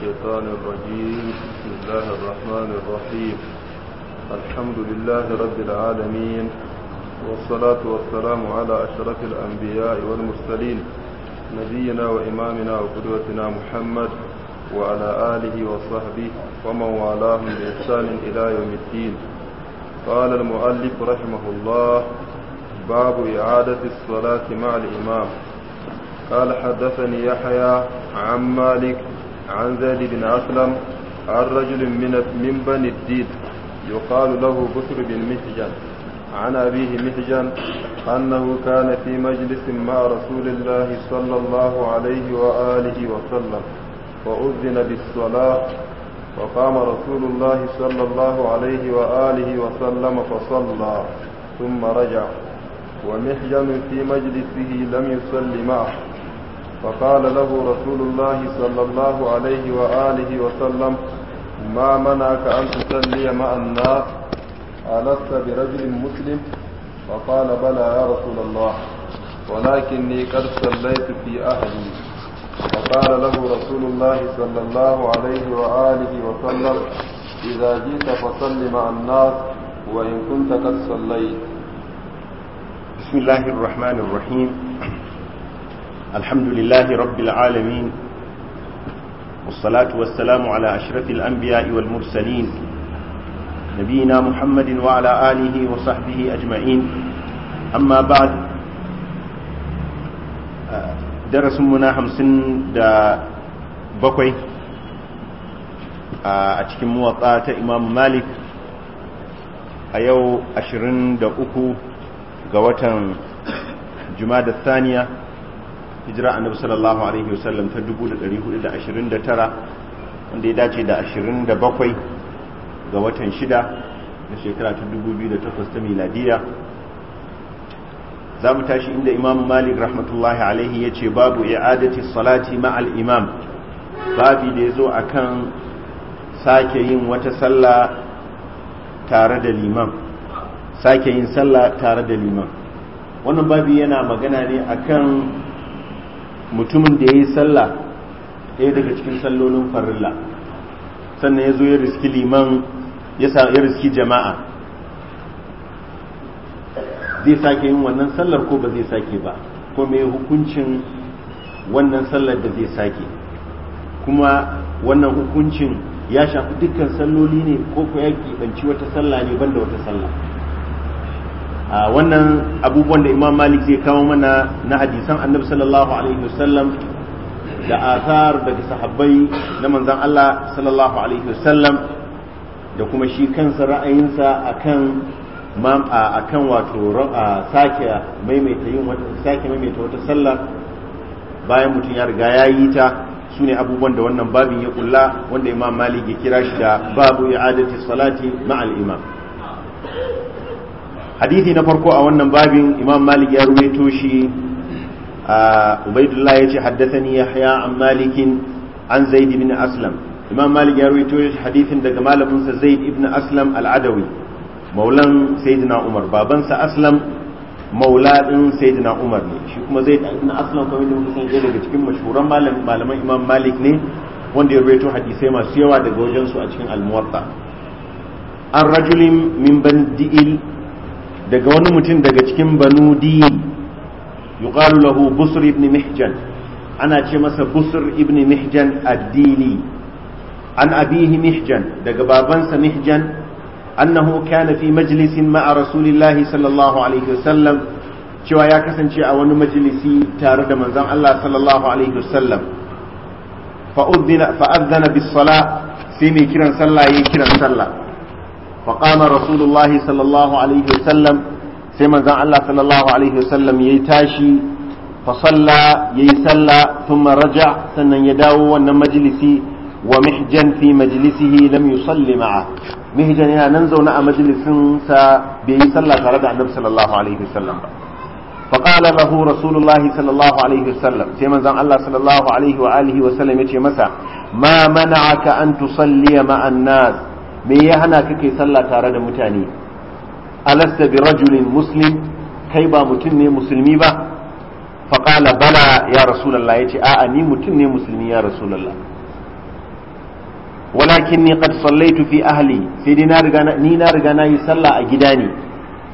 الشيطان الرجيم بسم الله الرحمن الرحيم الحمد لله رب العالمين والصلاة والسلام على أشرف الأنبياء والمرسلين نبينا وإمامنا وقدوتنا محمد وعلى آله وصحبه ومن والاهم بإحسان إلى يوم الدين قال المؤلف رحمه الله باب إعادة الصلاة مع الإمام قال حدثني يحيى عن مالك عن زيد بن أسلم عن رجل من من بني الديد يقال له بكر بن محجن عن أبيه محجن أنه كان في مجلس مع رسول الله صلى الله عليه وآله وسلم وأذن بالصلاة وقام رسول الله صلى الله عليه وآله وسلم فصلى ثم رجع ومحجن في مجلسه لم يصل معه فقال له رسول الله صلى الله عليه وآله وسلم ما منعك أن تصلي مع الناس ألست برجل مسلم فقال بلى يا رسول الله ولكني قد صليت في أهلي فقال له رسول الله صلى الله عليه وآله وسلم إذا جئت فصل مع الناس وإن كنت قد صليت بسم الله الرحمن الرحيم الحمد لله رب العالمين والصلاة والسلام على أشرف الأنبياء والمرسلين نبينا محمد وعلى آله وصحبه أجمعين أما بعد درس منا حمسن دا بقوي أتكم موطاة إمام مالك أيو أشرن دا أكو قوة جماد الثانية hijira annabi sallallahu alaihi wasallam ta 1429 wanda ya dace da 27 ga watan 6 na shekara ta 2008 ta miladiya za mu tashi inda imam malik rahmatullahi alaihi ya ce babu i'adati salati ma'al imam babi da ya zo a kan sake yin wata sallah tare da liman sake yin sallah tare da liman wannan babi yana magana ne akan mutumin da ya yi sallah ɗaya daga cikin sallolin farilla sannan ya zo ya riski liman ya riski jama'a zai sake yin wannan sallar ko ba zai sake ba ko mai hukuncin wannan sallar da zai sake kuma wannan hukuncin ya shafi dukkan salloli ne ko ku ya keɓanci wata sallah ne banda wata sallah wannan abubuwan da imam malik zai kawo mana na hadisan annabi sallallahu alaihi wasallam da asar daga sahabbai na manzon Allah sallallahu alaihi wasallam da kuma shi kansa ra'ayinsa akan mam a akan wato sake maimaita yin wata sake maimaita wata sallah bayan mutum ya riga ya yi ta su ne abubuwan da wannan babin ya kulla wanda imam malik ya kira shi da babu i'adati salati ma'al imam hadithi na farko a wannan babin imam malik ya ruwaito shi ubaidullah ya ce haddathani yahya an malikin an zaid ibn aslam imam malik ya ruwaito shi hadithin daga malaminsa zaid ibn aslam al'adawi adawi maulan sayyidina umar babansa aslam maula din sayyidina umar ne shi kuma zaid ibn aslam kuma da muka sanje daga cikin mashhuran malaman imam malik ne wanda ya ruwaito hadisai masu yawa daga wajensu a cikin al-muwatta an rajulin min bani daga wani mutum daga cikin banu yuƙalu yuqalu lahu busr ibn mihjan ana ce masa busr ibn mihjan addini an abihi mihjan daga babansa mihjan annahu kana fi majlisin ma'a rasulillahi sallallahu alaihi wasallam cewa ya kasance a wani majalisi tare da manzon Allah sallallahu alaihi wasallam fa fa'adana bis sai mai kiran sallah yayin kiran sallah فقام رسول الله صلى الله عليه وسلم سيما زان الله صلى الله عليه وسلم يتاشي فصلى يسلى ثم رجع سنة يداو أن مجلسي ومحجا في مجلسه لم يصلي معه محجا هنا ننزو نأى مجلس بيسلى تردع النبي صلى الله عليه وسلم فقال له رسول الله صلى الله عليه وسلم سيما زان الله صلى الله عليه وآله وسلم يتي مسا ما منعك أن تصلي مع الناس me ya hana ka kai sallah tare da mutane alasta bi rajulin muslim kai ba mutum ne musulmi ba faƙala bala ya rasulallah ya ce a'a ni mutum ne musulmi ya rasulallah walakin ni qad sallaitu fi ahli sai dai na riga ni na riga na yi sallah a gida ne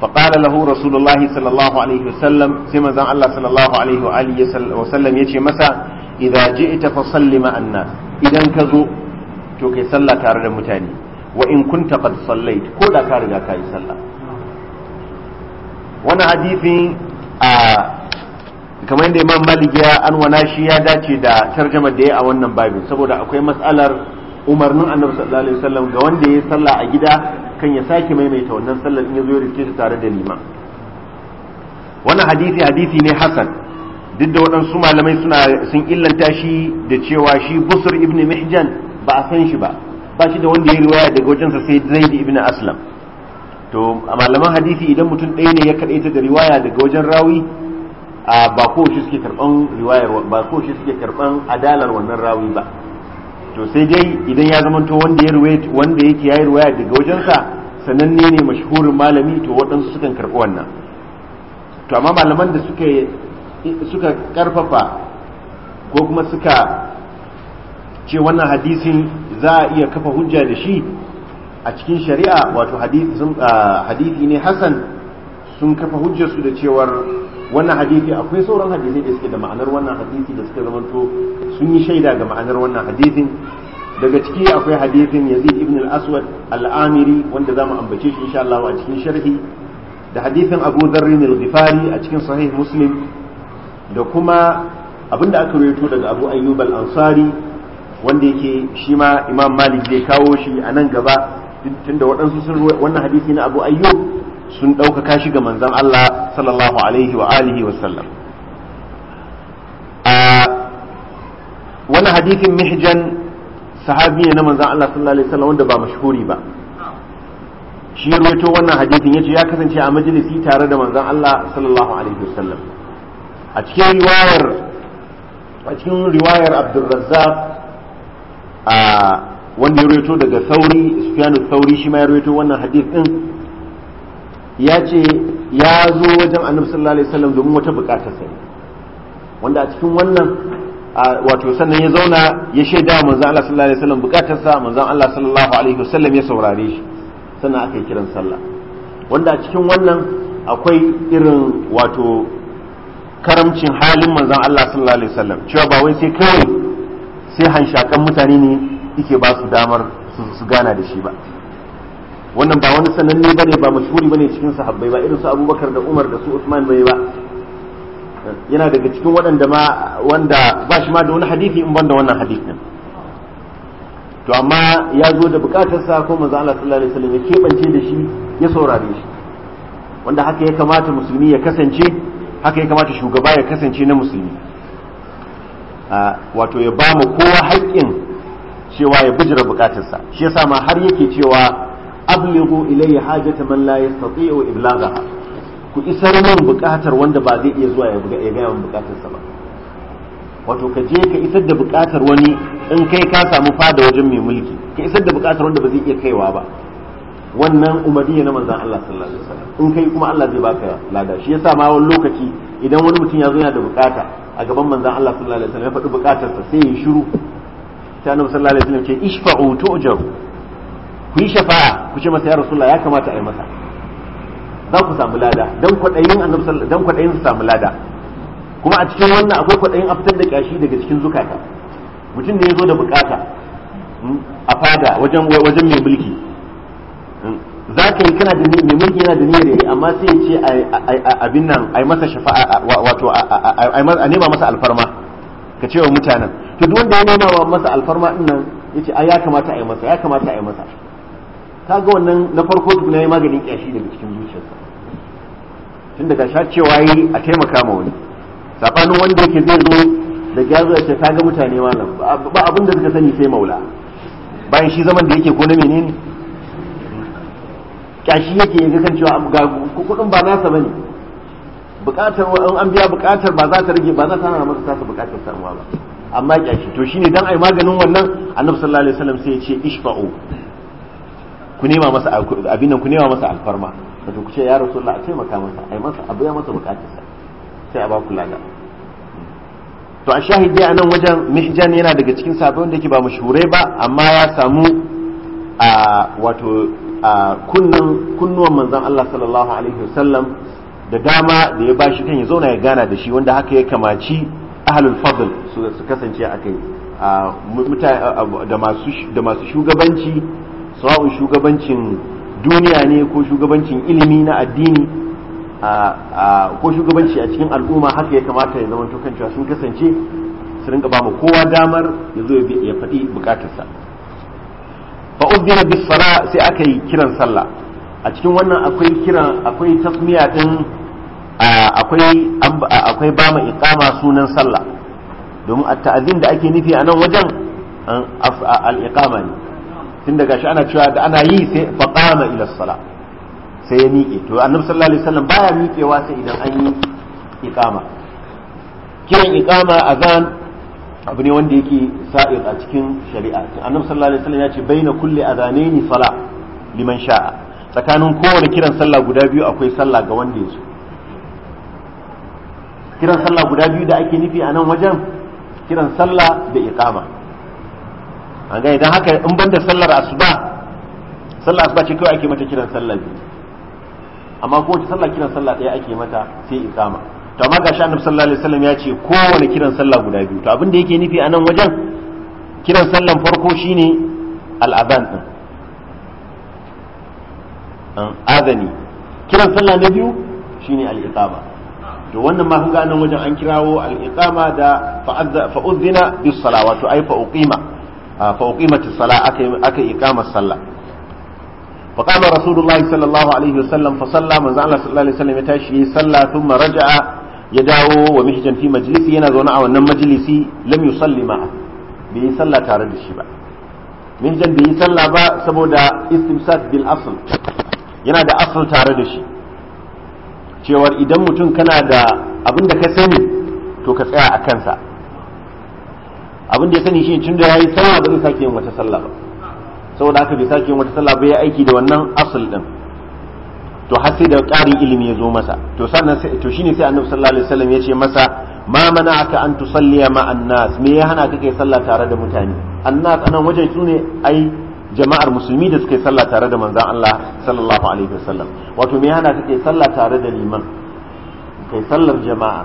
faƙala lahu rasulullah sallallahu alaihi wasallam sai manzon Allah sallallahu alaihi wa alihi yace masa idza ji'ta idan ka zo to kai sallah tare da mutane wa in kunta qad sallait ko da ka riga ka yi sallah wani hadisi a kamar yadda imam maliki ya anwana shi ya dace da tarjamar da ya a wannan babin saboda akwai matsalar umarnin annabi sallallahu alaihi wasallam ga wanda ya sallah a gida kan ya sake maimaita wannan sallar in ya zo riske ta tare da liman wannan hadisi hadisi ne hasan duk da waɗansu malamai suna sun illanta shi da cewa shi busur ibn mihjan ba a san shi ba ba shi da wanda ya riwaya daga wajensa sai zaid ibn aslam to a malaman hadisi idan mutum ɗaya ne ya kaɗaita da riwaya daga wajen rawi ba ko shi suke karɓan riwayar ba ko shi suke karɓan adalar wannan rawi ba to sai dai idan ya zama to wanda ya riwaya wanda yake yayi riwaya daga wajensa sananne ne mashhurin malami to waɗansu sukan karɓi wannan to amma malaman da suka suka karfafa ko kuma suka ce wannan hadisin za a iya kafa hujja da shi a cikin shari'a wato hadithi ne Hassan sun kafa hujjarsu da cewar wannan hadithi akwai sauran hadithi da suke da ma'anar wannan hadithi da suka zamanto sun yi shaida ga ma'anar wannan hadithin daga ciki akwai hadithin yazid ibn al-aswad al-amiri wanda mu ambace shi insha Allah a cikin sharhi da hadithin abu dharr al-ghifari a cikin sahih muslim da kuma abinda aka rawaito daga abu ayyub al-ansari wanda yake shi ma imam malik zai kawo shi a nan gaba tunda waɗansu sun wannan hadisi na abu ayyu sun ɗaukaka shi ga manzan allah sallallahu alaihi wa alihi wa sallam wannan hadisin mihjan sahabi ne na manzan allah sallallahu alaihi wa sallam wanda ba mashhuri ba shi ya rubuto wannan hadisin ce ya kasance a majalisi tare da manzan allah sallallahu alaihi wa sallam a cikin riwayar a cikin riwayar wanda ya rawaito daga sauri isfiyanu sauri shi ma ya rawaito wannan hadith din ya ce ya zo wajen annabi sallallahu alaihi wasallam domin wata bukatar sa wanda a cikin wannan wato sannan ya zauna ya shaida wa manzon Allah sallallahu alaihi wasallam bukatar sa manzon Allah sallallahu alaihi wasallam ya saurare shi sannan aka yi kiran sallah wanda a cikin wannan akwai irin wato karamcin halin manzon Allah sallallahu alaihi wasallam cewa ba wai sai kawai sai hanshakan mutane ne yake ba su damar su gana da shi ba wannan ba wani sananne bane ba mashhuri ne cikin sahabbai ba irin su Abubakar da Umar da su Usman bai ba yana daga cikin waɗanda ma wanda ba shi ma da wani hadisi in banda wannan hadisin to amma ya zo da sa ko manzo Allah sallallahu alaihi wasallam ya kebance da shi ya saurare shi wanda haka ya kamata musulmi ya kasance haka ya kamata shugaba ya kasance na musulmi wato ya ba mu kowa haƙƙin cewa ya bijira bukatarsa shi yasa ma har yake cewa ablighu ilayya hajata man la yastati'u iblaghaha ku isar min bukatar wanda ba zai iya zuwa ya buga ya gaya min bukatarsa ba wato ka je ka isar da bukatar wani in kai ka samu fada wajen mai mulki ka isar da bukatar wanda ba zai iya kaiwa ba wannan umariya na manzan Allah sallallahu alaihi wasallam in kai kuma Allah zai baka lada shi yasa ma wani lokaci idan wani mutum ya zo yana da bukata a gaban manzan Allah sallallahu alaihi wasallam ya faɗi buƙatar sa sai ya shiru sai annabi sallallahu alaihi wasallam ce ishfa'u tu'jaru ku yi shafa'a ku ce masa ya rasulullah ya kamata a yi masa za ku samu lada dan kwadayin annabi sallallahu dan kwadayin su samu lada kuma a cikin wannan akwai kwadayin a fitar da kyashi daga cikin zukata mutum ne ya zo da buƙata hmm, a fada wajen wajen mai mulki za ka yi kana da mai mulki yana da niyyar yayi amma sai ya ce abin nan yi masa shafa'a wato a nema masa alfarma ka ce wa mutanen to duk wanda ya nema wa masa alfarma din nan ce ya kamata a yi masa ya kamata a yi masa ga wannan na farko na yi maganin kyashi daga cikin zuciyarsa tun daga sha cewa yi a taimaka ma wani safanin wanda yake zai zo da gyazo ya ce ga mutane nan ba abin da suka sani sai maula bayan shi zaman da yake ko na menene kyashi yake yaga kan cewa ga kuɗin ba nasa bane bukatar in an biya bukatar ba za ta rage ba za ta hana masa tasa bukatar samuwa ba amma kyashi to shine dan ai maganin wannan annabi sallallahu alaihi wasallam sai ya ce ishfa'u ku nema masa abin nan ku nema masa alfarma wato ku ce ya rasulullah a taimaka masa ai masa abu ya masa sa sai a ba ku lada to a shahidi a nan wajen mihjan yana daga cikin sabon da yake ba mashhurai ba amma ya samu a wato a kunnuwan manzon Allah sallallahu alaihi wasallam da dama da ya bashi kan ya zauna ya gana da shi wanda haka ya kamaci ahlul fadl su kasance a kai da masu shugabanci sawu shugabancin duniya ne ko shugabancin ilimi na addini ko shugabanci a cikin al'umma haka ya kamata ya zama cewa sun kasance su rinka ba mu kowa damar ya zo ya faɗi bukatarsa fa udhina bis sala sai aka kiran sallah a cikin wannan akwai kiran akwai tasmiya din akwai akwai ba mu iqama sunan sallah domin at-ta'zin da ake nufi a nan wajen al-iqama ne tun daga shi ana cewa da ana yi sai fa qama ila sala sai ya miƙe to annabi sallallahu alaihi wasallam baya miƙewa sai idan an yi iqama kiran iqama azan abu ne wanda yake sa'id a cikin shari'a annab sallallahu alaihi wasallam ya ce baina kulli adhanaini sala liman sha'a tsakanin kowane kiran sallah guda biyu akwai sallah ga wanda ya so kiran sallah guda biyu da ake nufi a nan wajen kiran sallah da iqama an ga idan haka in banda sallar asuba sallar asuba ce kawai ake mata kiran sallah biyu amma kowace sallah kiran sallah ɗaya ake mata sai iqama to amma gashi annabi sallallahu alaihi wasallam ya ce kowane kiran sallah guda biyu to abin da yake nufi a nan wajen kiran sallan farko shine al'azan din azani kiran sallah na biyu shine al'iqama to wannan ma kunga nan wajen an kirawo al'iqama da fa uzina bis sala wato ai fa uqima fa uqimatis sala aka aka iqamar sallah فقام رسول الله صلى الله عليه وسلم فصلى من زعل صلى الله عليه وسلم يتاشي صلى ثم رجع ya dawo wa mihjan fi majlisi yana zaune a wannan majalisi lam yusalli ma'a bai yi sallah tare da shi ba mihjan bai yi sallah ba saboda istimsat bil asl yana da asl tare da shi cewar idan mutum kana da abin da ka sani to ka tsaya a kansa abin da ya sani shi tun da yayi sallah ba zai sake yin wata sallah ba saboda haka bai sake yin wata sallah ba ya aiki da wannan asl din to har sai da ƙari ilimi ya zo masa to sannan to shine sai annabi sallallahu alaihi wasallam ya ce masa ma mana'aka an tusalliya ma annas me ya hana ka kai sallah tare da mutane annas anan wajen su ne ai jama'ar musulmi da suke sallah tare da manzon Allah sallallahu alaihi wasallam wato me ya hana ka kai sallah tare da liman kai sallar jama'a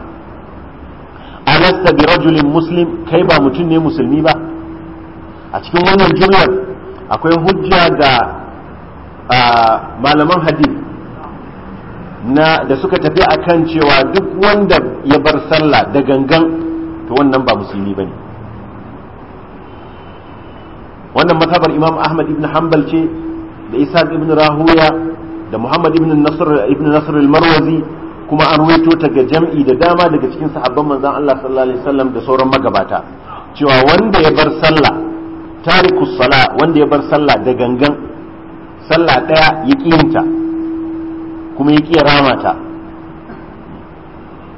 alasta bi rajulin muslim kai ba mutum ne musulmi ba a cikin wannan jumlar akwai hujja ga ah, malaman hadith na da suka tafi a kan cewa duk wanda ya bar sallah da gangan to wannan ba musulmi ba ne wannan matabar imam ahmad ibn hanbal ce da isa ibn rahuya da muhammad ibn nasr al-marwazi kuma an ruwaito ta ga jam'i da dama daga cikin sahabban manzon Allah sallallahu alaihi wasallam da sauran magabata cewa wanda ya bar sallah tariku sala wanda ya bar sallah da gangan sallah daya ya kiyinta kuma ya ƙi rama ta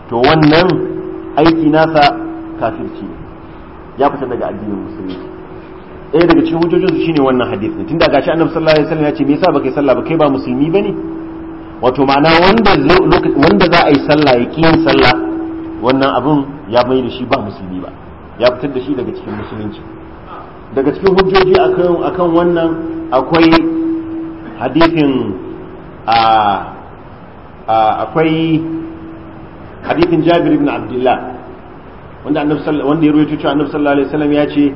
to wannan aiki nasa kafirci ya fita daga addinin Musulmi. ɗaya daga cikin hujjojinsu shine wannan hadith ne tunda gashi annabi sallallahu alaihi wasallam ya ce me yasa baka yi sallah ba kai ba musulmi bane wato ma'ana wanda wanda za a yi sallah ya kiyin sallah wannan abun ya mai da shi ba musulmi ba ya fitar da shi daga cikin musulunci daga cikin hujjoji akan akan wannan akwai hadithin a ah, akwai hadithin jabir ibn abdullah wanda annabi wanda ya rawaito cewa annabi sallallahu alaihi wasallam ya ce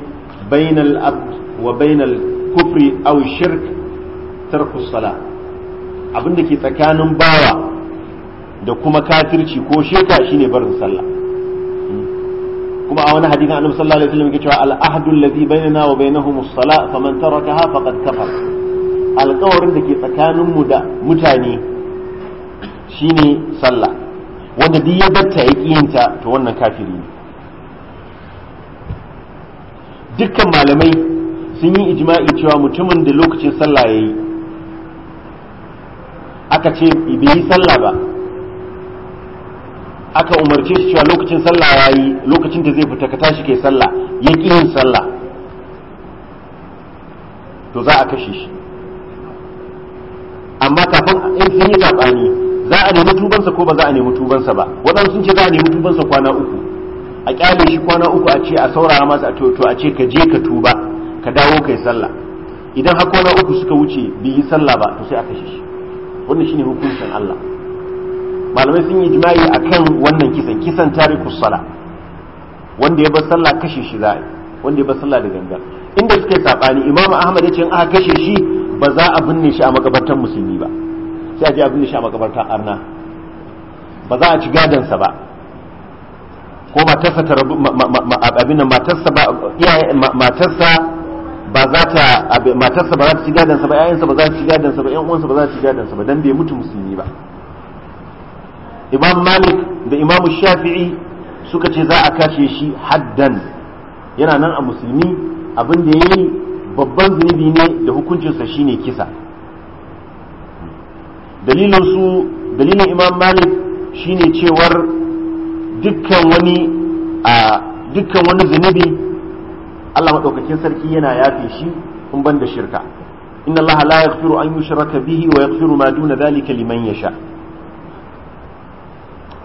bainal abd wa bainal kufri aw shirk tarku salah abin da ke tsakanin bawa da kuma kafirci ko shirka shine barin sallah kuma a wani hadithin annabi sallallahu alaihi wasallam yake cewa al ahdu alladhi bainana wa bainahum as-salah faman tarakaha faqad kafar alƙawarin da ke tsakaninmu da mutane shine sallah wanda duk ya batta ya kiyinta to wannan kafiri ne dukkan malamai sun yi ijma'i cewa mutumin da lokacin sallah ya yi aka ce bai yi sallah ba aka umarce shi cewa lokacin sallah ya yi lokacin da zai fita ka tashi kai sallah ya ƙi yin sallah to za a kashe shi amma kafin in sun yi zaɓani za a nemi tubansa ko ba za a nemi tubansa ba waɗansu sun ce za a nemi tubansa kwana uku a kyale shi kwana uku a ce a saurara masa a toto a ce ka je ka tuba ka dawo kai sallah idan har kwana uku suka wuce bai yi sallah ba to sai a kashe shi wannan shine hukuncin Allah malamai sun yi jima'i akan wannan kisan kisan tariku sala wanda ya bar sallah kashe shi za a wanda ya bar sallah da ganga inda suka yi sabani imamu ahmad ya ce in aka kashe shi ba za a binne shi a makabartar musulmi ba sai ji je abin da shi a makabartar arna ba za a ci gadansa ba ko matarsa ta rabu abin nan matarsa ba iyaye matarsa ba za ta matarsa ba za ta ci gadansa ba yayansa ba za ta ci gadansa ba yan uwansa ba za ta ci gadansa ba dan bai mutu musulmi ba imam malik da imam shafi'i suka ce za a kashe shi haddan yana nan a musulmi abin da yayi babban zunubi ne da hukuncinsa shine kisa dalilin su dalilin imam malik shine cewar dukkan wani a dukkan wani zunubi Allah madaukakin sarki yana yafe shi in ban da shirka inna Allah la yaghfiru an yushraka bihi wa yaghfiru ma duna dhalika liman yasha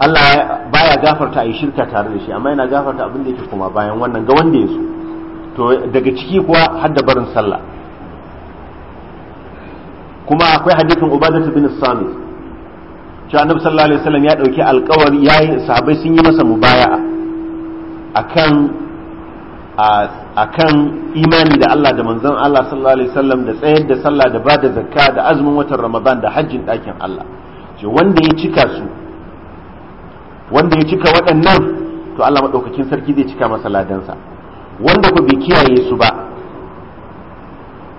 Allah baya gafarta a shirka tare da shi amma yana gafarta abin da yake kuma bayan wannan ga wanda ya so to daga ciki kuwa har da barin sallah kuma akwai hadithin ubadatu bin samit cewa annabi sallallahu alaihi wasallam ya dauki alkawari yayi sahabbai sun yi masa mubaya'a akan akan imani da Allah da manzon Allah sallallahu alaihi wasallam da tsayar da sallah da bada zakka da azumin watan Ramadan da hajjin dakin Allah ce wanda ya cika su wanda ya cika waɗannan to Allah madaukakin sarki zai cika masa ladansa wanda ku bai kiyaye su ba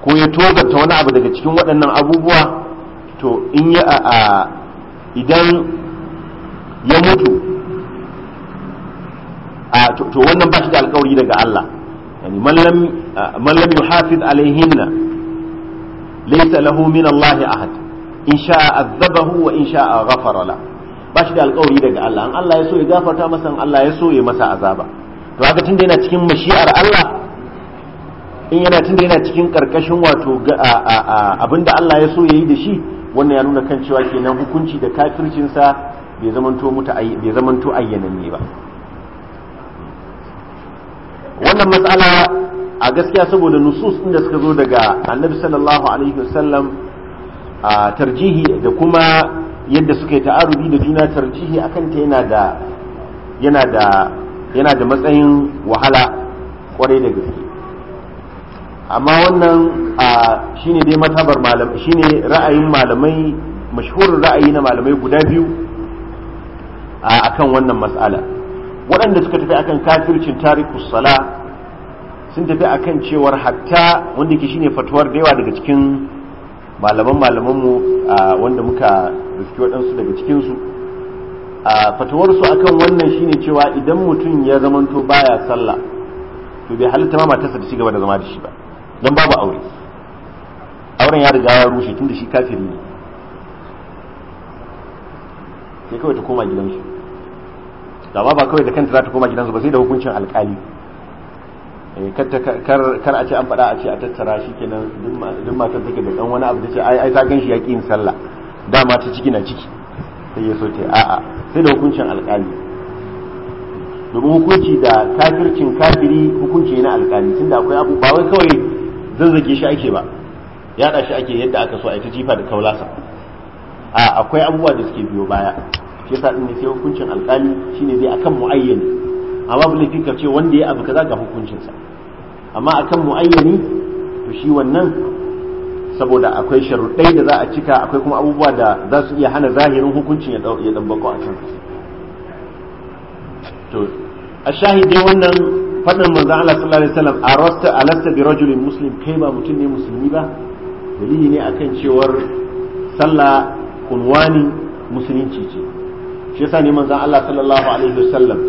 ko ya tozarta wani abu daga cikin waɗannan abubuwa to in ya a idan ya mutu a to wannan ba shi da alkawari daga Allah yani mallam lam yuhafiz alaihinna laysa lahu min Allah ahad in sha'a azabahu wa in sha'a ghafara la ba shi da alkawari daga Allah an Allah ya so ya gafarta masa an Allah ya so ya masa azaba to haka tunda yana cikin mashi'ar Allah in yana tunda yana cikin karkashin wato ga abinda Allah ya so ya yi da shi wannan ya nuna kan cewa kenan hukunci da kafircinsa bai zamanto bai ayyananne ba wannan matsala a gaskiya saboda nusus da suka zo daga annabi sallallahu alaihi wasallam a tarjihi da kuma yadda suka yi ta'arubi da juna tarjihi akan ta yana yana da matsayin wahala kwarai da gaske amma wannan shine dai matabar malamai shine ra'ayin malamai mashhurin ra'ayi na malamai guda biyu a kan wannan matsala waɗanda suka tafi akan kafircin tarikus sala sun tafi akan cewar hatta wanda ke shine fatuwar da yawa daga cikin malaman malamanmu wanda muka riski waɗansu daga cikinsu fatuwarsu akan wannan shine cewa idan mutum ya zamanto baya sallah to bai halitta ma matarsa da ci gaba da zama da shi ba don babu aure auren ya riga ya rushe tun da shi kafiri ne sai kawai ta koma gidansu da ba ba kawai da kanta za ta koma gidansu ba sai da hukuncin alkali eh, kar a ce an faɗa a ce a tattara shi kenan duk matar take da ɗan wani abu da ce ai ta gan shi ya ƙi yin sallah dama ta ciki na ciki sai ya so ta a'a sai da hukuncin alkali domin hukunci da kafircin kafiri hukunci na alkali tunda akwai abu ba wai kawai zazzage shi ake ba yaɗa shi ake yadda aka so a ta jifa da kaulasa a akwai abubuwa da suke biyo baya shi yasa din sai hukuncin alkali shine zai akan muayyani amma bu ce wanda ya abu kaza ga hukuncinsa amma akan muayyani to shi wannan saboda akwai sharuɗai da za a cika akwai kuma abubuwa da za su iya hana zahirin hukuncin ya ɗabbako a kan to a shahidai wannan fadin manzon Allah sallallahu alaihi wasallam alasta bi rajulin muslim kai ba mutum ne musulmi ba dalili ne akan cewar sallah kunwani musulunci ce shi yasa ne manzon Allah sallallahu alaihi wasallam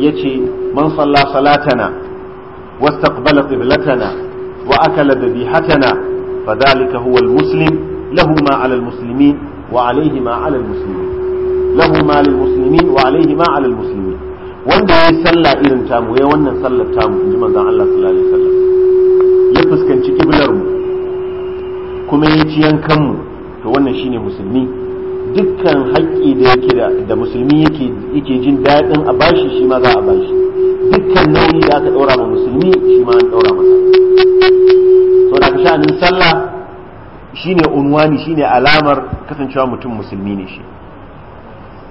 yace man salla salatana wastaqbala qiblatana wa akala dhabihatana fadhalika huwa almuslim lahu ma ala almuslimin wa alayhi ma ala almuslimin lahu ma lilmuslimin wa alayhi ma wanda ya sallah irin tamu ya wannan sallar tamu in ji manzan Allah sallallahu alaihi wasallam ya fuskanci kiblar mu kuma ya ci yankan mu to wannan shine musulmi dukkan haƙƙi da yake da musulmi yake yake jin daɗin a bashi shi ma za a bashi dukkan nauyi da aka ɗaura ma musulmi shi ma an ɗaura masa da ka sha'anin sallah shine unwani shine alamar kasancewa mutum musulmi ne shi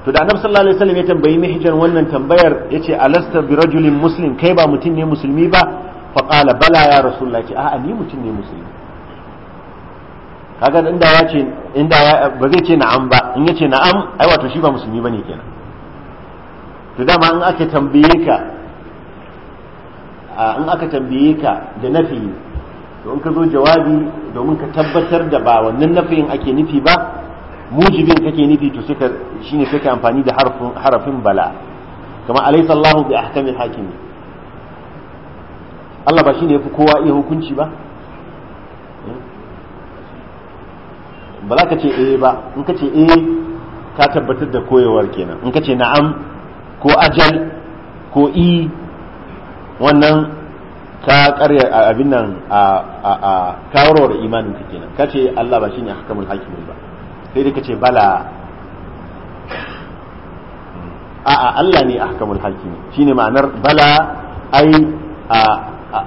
to da annabi sallallahu alaihi wasallam ya tambayi mihjan wannan tambayar yace alasta bi rajulin muslim kai ba mutum ne musulmi ba fa qala bala ya rasulullah ce a'a ni mutum ne musulmi kaga inda ya ce inda ba zai ce na'am ba in yace na'am ai wato shi ba musulmi bane kenan to dama in aka tambaye ka in aka tambaye ka da nafi to in ka zo jawabi domin ka tabbatar da ba wannan nafiyin ake nufi ba mujibin kake nufi to sai shine sai ka amfani da harafin bala kamar alaysa Allahu bi ahkamil hakimi Allah ba shine yafi kowa iya hukunci ba hmm? ba za ka ce eh ba in ka ce eh ka tabbatar da koyewar kenan in ka ce na'am ko ajal ko i wannan ka karya abin nan a kawarwar imanin ka kenan ka ce Allah ba shine ahkamul hakimi ba sai da ce bala a'a Allah ne ahkamul hakimi shine ma'anar bala ai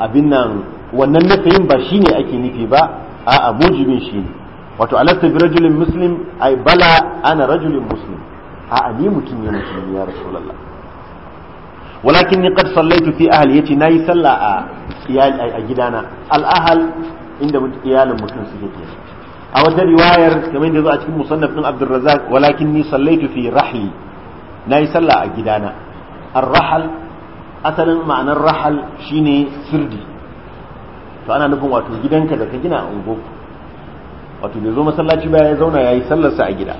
abin nan wannan nafiyin ba shine ake nufi ba a'a mujibin ne. wato alasta bi rajulin muslim ai bala ana rajulin muslim a'a ni mutum ne musulmi ya rasulallah. walakin ni qad sallaitu fi ahli yace nayi sallah a iyali a gidana al ahal inda iyalin mutum suke kenan a wata riwayar kamar da zo a cikin musannaf din walakin ni sallaitu fi rahli yi sallah a gidana ar-rahal asalin ma'anar rahal shine sirdi to ana nufin wato gidanka da ka gina a ungo wato bai zo masallaci ba ya zauna ya yi sallarsa a gida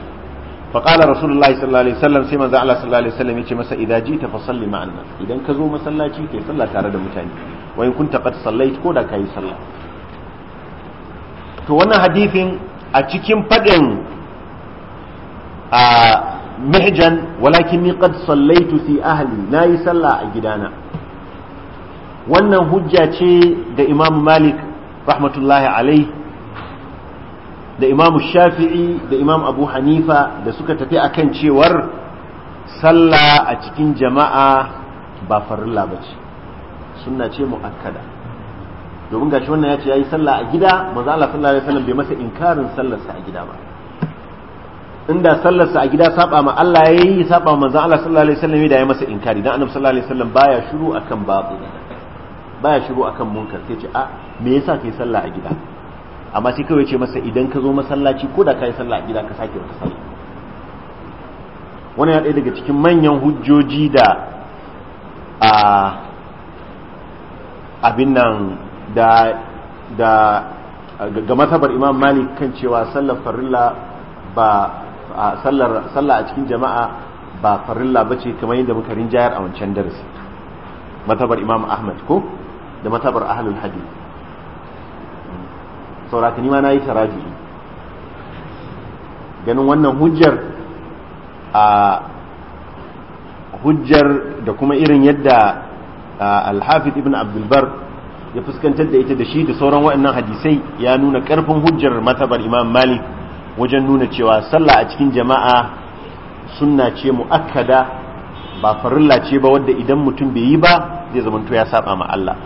fa qala rasulullahi sallallahu alaihi wasallam sai manzo Allah sallallahu alaihi wasallam ce masa idza ta fa salli ma'an idan ka zo masallaci kai sallah tare da mutane wa in kunta qad sallait ko da kai sallah to wannan hadifin a cikin faɗin a mihjan walakin ni qad sallaitu fi ahli yi sallah a gidana wannan hujja ce da imam malik rahmatullahi alai da imam shafi'i da imam abu hanifa da suka tafi akan cewar sallah a cikin jama'a ba farilla ba ce sunna ce mu'akkada domin shi wannan ya ce ya yi sallah a gida Maza Allah sallallahu alaihi wasallam bai masa inkarin sallarsa a gida ba inda sallarsa a gida saba ma Allah ya yi saba maza Allah sallallahu alaihi wasallam da ya masa inkari dan annabi sallallahu alaihi wasallam baya shiru akan babu baya shiru akan munkar sai ce a me yasa kai sallah a gida amma sai kawai ce masa idan ka zo masallaci ko da kai sallah a gida ka sake wata sallah wannan ya ɗaya daga cikin manyan hujjoji da a abin nan da da ga matabar imam malik kan cewa sallar farilla ba sallar sallah a cikin jama'a ba farilla bace kamar yadda muka rinjayar a wancan darasi matabar imam ahmad ko da matabar ahlul hadith sauraka ni ma nayi taraji'i ganin wannan hujjar a hujjar da kuma irin yadda al-hafiz ibn abdul bar ya fuskantar da ita da shi da sauran waɗannan hadisai ya nuna ƙarfin hujjar matabar imam malik wajen nuna cewa sallah a cikin jama'a sunna ce mu'akkada ba farilla ce ba wadda idan mutum bai yi ba zai zamanto ya saba ma Allah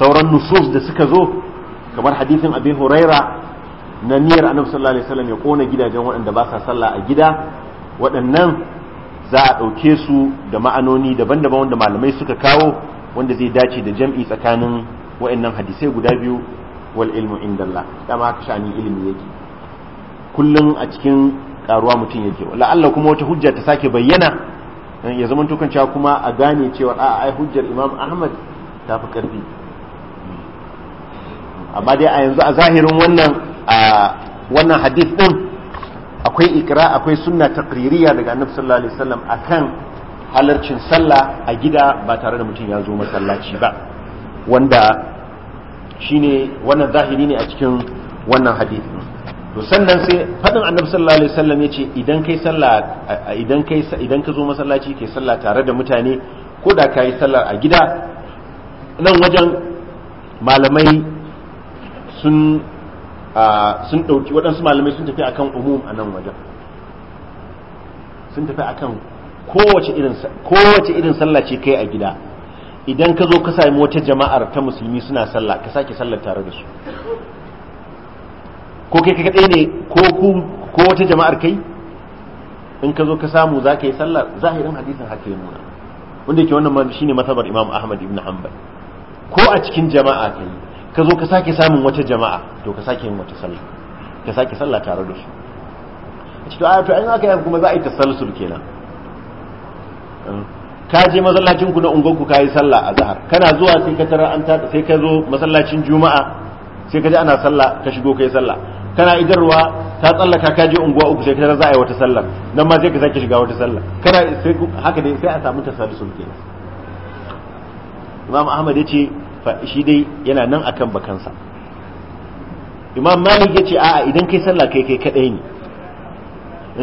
sauran nusus da suka zo kamar hadisin abi huraira na niyyar annabi sallallahu alaihi wasallam ya kona gidajen waɗanda ba sa sallah a gida waɗannan za a ɗauke su da ma'anoni daban-daban wanda malamai suka kawo wanda zai dace da jam'i tsakanin wa'annan hadisai guda biyu wal ilmu indallah dama ka shani ilimi yake kullun a cikin karuwa mutum yake Allah kuma wata hujja ta sake bayyana eh, ya zama tukan cewa kuma a gane cewa a ai hujjar imam ahmad ta fi karfi amma dai a yanzu a zahirin wannan a wannan hadis din akwai ikra akwai sunna taqririya daga annabi sallallahu alaihi wasallam akan halarcin sallah a gida ba tare da mutum ya zo masallaci ba wanda shine wannan zahiri ne a cikin wannan hadisi to sannan sai fadin annabi sallallahu alaihi wasallam yace idan kai sallah idan kai idan ka zo masallaci kai sallah tare da mutane ko da kai sallah a gida nan wajen malamai sun sun dauki waɗansu malamai sun tafi akan umum a nan wajen sun tafi akan kowace irin irin sallah ce kai a gida idan ka zo ka sami wata jama'ar ta musulmi suna sallah ka sake sallar tare da su ko kai ka kaɗai ne ko wata jama'ar kai in ka zo ka samu za ka yi sallah zahirin hadisin haka ya nuna wanda yake wannan shine matabar Imam Ahmad ibn Hanbal ko a cikin jama'a kai ka zo ka sake samun wata jama'a to ka sake yin wata sallah ka sake sallah tare da su a cikin ayatu ayin aka yi kuma za a yi tasallusul kenan ka je masallacin ku na ungonku ka yi sallah a zahar kana zuwa sai ka tarar an ta sai ka zo masallacin juma'a sai ka ji ana sallah ka shigo kai sallah kana idarwa ka tsallaka ka je unguwa uku sai ka tarar za a yi wata sallah nan ma sai ka sake shiga wata sallah kana sai haka dai sai a samu tasallusul kenan imam ahmad yace fa shi dai yana nan akan bakansa imam malik yace a'a idan kai sallah kai kai kadai ne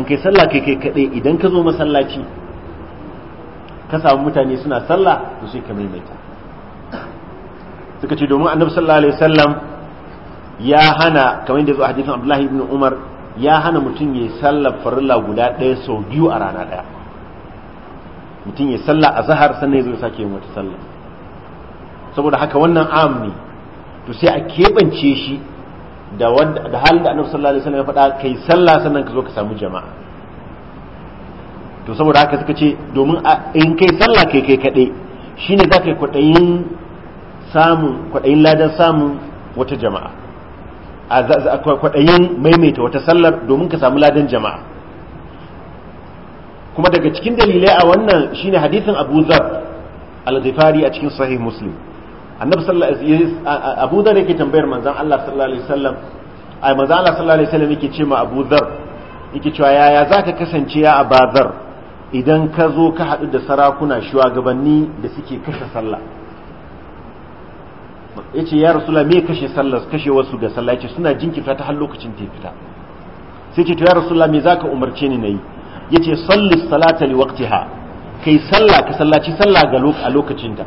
in kai sallah kai kai kadai idan ka zo masallaci ka samu mutane suna sallah to sai ka maimaita suka ce domin annabi sallallahu alaihi wasallam ya hana kamar yadda zuwa a hadisin abdullahi ibn umar ya hana mutum ya sallah farilla guda ɗaya sau biyu a rana ɗaya mutum ya sallah a zahar sannan ya zo sake yin wata sallah saboda haka wannan am ne to sai a keɓance shi da halin da annabi sallallahu alaihi wasallam ya faɗa kai sallah sannan ka zo ka samu jama'a to saboda haka suka ce domin in kai sallah kai kai kaɗai shine za ka yi kwaɗayin samun kwaɗayin ladan samun wata jama'a a kwaɗayin maimaita wata sallar domin ka samu ladan jama'a kuma daga cikin dalilai a wannan shine hadisin abu zar al zifari a cikin sahih muslim annabi sallallahu alaihi wasallam abu zar yake tambayar manzon Allah sallallahu alaihi wasallam ai manzon Allah sallallahu alaihi wasallam yake ce ma abu zar yake cewa yaya zaka kasance ya abazar idan ka zo ka haɗu da sarakuna shugabanni da suke kashe sallah ya ce ya rasula me kashe sallah kashe wasu ga sallah ya ce suna jinkirta ta har lokacin ta fita sai ce to ya rasula me za ka umarce ni na yi ya ce salli salata li ha kai sallah ka sallaci sallah ga a lokacinta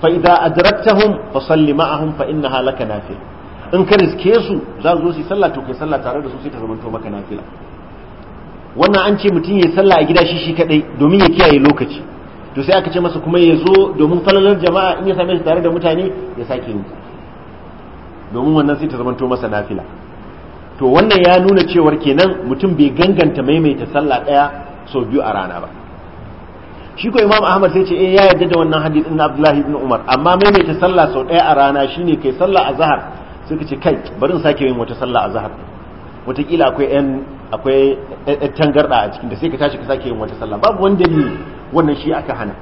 fa idza hun fa salli ma'ahum fa innaha laka nafila in ka riske su za su zo su yi sallah to kai sallah tare da su sai ta zamanto maka nafila wannan an ce mutum ya salla a gida shi shi kadai domin ya kiyaye lokaci to sai aka ce masa kuma ya zo domin falalar jama'a in ya same shi tare da mutane ya sake yi domin wannan sai ta zamanto masa nafila to wannan ya nuna cewar kenan mutum bai ganganta maimaita salla daya sau biyu a rana ba shi ko imam ahmad sai ce eh ya yarda da wannan hadith na abdullahi ibn umar amma maimaita salla sau daya a rana shine kai sallah azhar sai ka ce kai bari in sake yin wata sallah azhar wataƙila akwai yan akwai tangarɗa a cikin da sai ka tashi ka sake yin wata sallah babu wanda ne wannan shi aka hana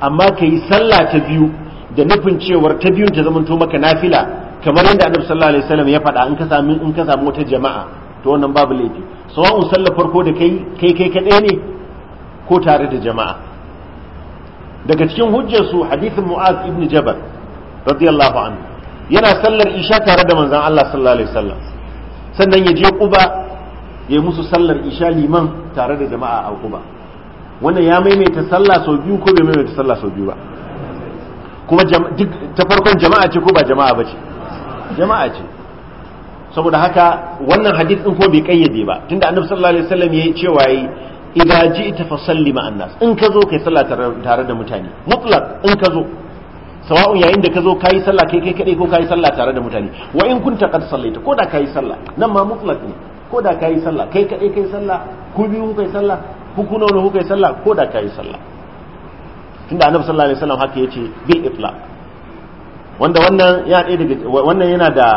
amma ka yi sallah ta biyu da nufin cewar ta biyun ta zamanto maka nafila kamar yadda annabi sallallahu alaihi wasallam ya faɗa in ka sami in ka samu wata jama'a to wannan babu laifi sawa'un sallar farko da kai kai kai ne ko tare da jama'a daga cikin hujjar su hadithin mu'az ibn jabal radiyallahu anhu yana sallar isha tare da manzon Allah sallallahu alaihi wasallam sannan ya je kuba ya musu sallar isha liman tare da jama'a a kuba wannan ya maimaita sallah sau biyu ko bai maimaita sallah sau biyu ba kuma duk ta farkon jama'a ce ko ba jama'a ba ce jama'a ce saboda haka wannan hadith din ko bai kayyade ba tunda annabi sallallahu alaihi wasallam yayi cewa yi idaji ta fa salli ma'an in ka zo kai sallah tare da mutane mutlaq in ka zo sawa'un yayin da ka zo kayi sallah kai kai kadai ko kayi sallah tare da mutane wa in kunta qad sallaita ko da kayi sallah nan ma mutlaq ne ko da kayi sallah kai kadai kai sallah ku biyu kai sallah ku kuno ne ku kai sallah ko da kayi sallah tunda annabi sallallahu alaihi wasallam haka yace bil itlaq wanda wannan ya daga wannan yana da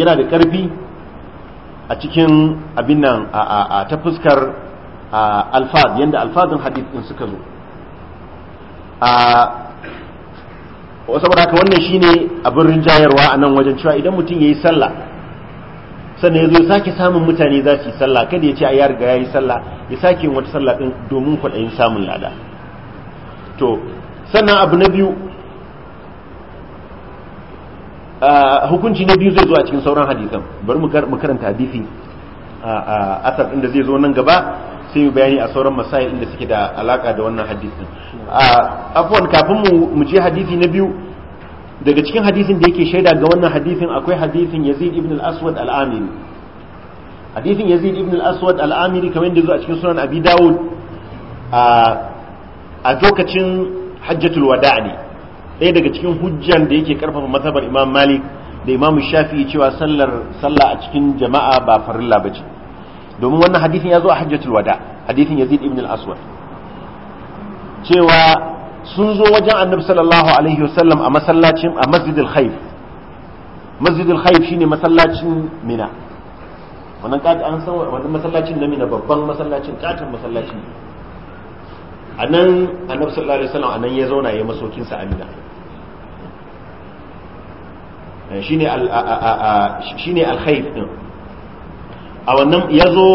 yana da karfi a cikin abin nan a ta fuskar alfaz yanda alfazin hadith din suka zo a saboda haka wannan shine abin rinjayarwa a nan wajen cewa idan mutum ya yi sallah sannan ya zo ya sake samun mutane za su yi sallah kada ya ce a ya riga ya yi sallah ya sake wata sallah ɗin domin kwaɗayin samun lada to sannan abu na biyu hukunci na biyu zai zo a cikin sauran hadisan bari mu karanta hadisin a asar da zai zo nan gaba sai yi bayani a sauran masail inda suke da alaka da wannan hadisin afuwan kafin mu je hadisi na biyu daga cikin hadisin da yake shaida ga wannan hadisin akwai hadisin Yazid ibn al-Aswad al-Amiri hadisin Yazid ibn al-Aswad al-Amiri kamar yadda zo a cikin sunan Abi Dawud a lokacin Hajjatul Wada' ne ɗaya daga cikin hujjan da yake karfafa mazhabar Imam Malik da Imam Shafi'i cewa sallar sallah a cikin jama'a ba farilla bace domin wannan hadithin ya zo a hajjatul wada hadithin yazid ibn al-aswad cewa sun zo wajen annabi sallallahu alaihi wasallam a masallacin a masjidil khayf masjidil khayf shine masallacin mina wannan kaji an san wannan masallacin na mina babban masallacin katin masallacin a nan annabi sallallahu alaihi wasallam a nan ya zauna ya masokin sa amina eh, shine al shine al khayf din a wannan ya zo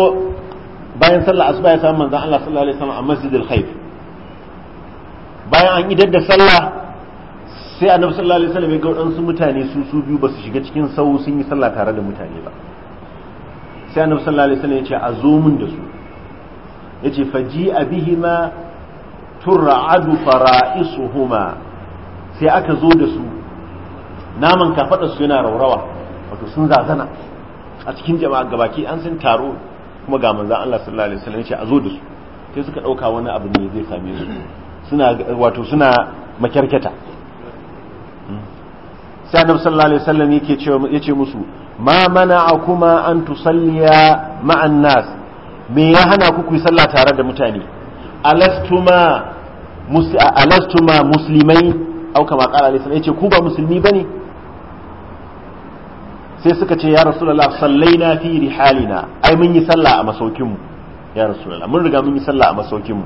bayan sallah asuba ya samu manzan Allah sallallahu alaihi wasallam a masjidil khayf bayan an idar da sallah sai annabi sallallahu alaihi wasallam ya ga wadansu mutane su su biyu ba su shiga cikin sau sun yi sallah tare da mutane ba sai annabi sallallahu alaihi wasallam ya ce a zo mun da su Ya yace faji abihima tur'adu fara'isuhuma sai aka zo da su naman kafaɗa su yana raurawa wato sun zazana a cikin jama'a gabaki an san taro kuma ga manzan Allah sallallahu alaihi wasallam ce a zo da su sai suka dauka wani abu ne zai same su suna wato suna makyarketa sai annab sallallahu alaihi wasallam yake cewa yace musu ma kuma an tusalliya ma'an nas me ya hana ku ku sallah tare da mutane alastuma alastuma muslimai au kama qala alaihi wasallam yace ku ba musulmi bane sai suka ce ya rasulullah sallaina fi rihalina ai mun yi sallah a masaukin mu ya rasulullah mun riga mun yi sallah a masaukin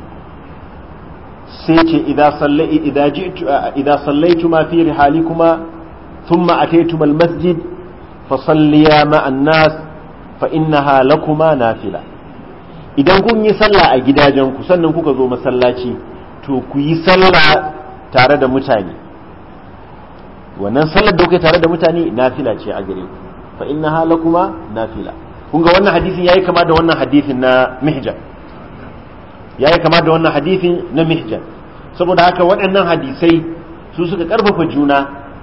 sai ce idza sallai idza ji'tu idza sallaituma fi rihalikuma thumma ataytuma masjid fa salliya ma'a an-nas fa innaha lakuma nafila idan kun yi sallah a gidajenku sannan kuka zo masallaci to ku yi sallah tare da mutane wannan sallar da kuke tare da mutane nafila ce a gare ku fa inna halakuma nafila kun ga wannan hadisin yayi kama da wannan hadisin na mihja yayi kama da wannan hadisin na mihjan saboda haka waɗannan hadisai su suka karfafa juna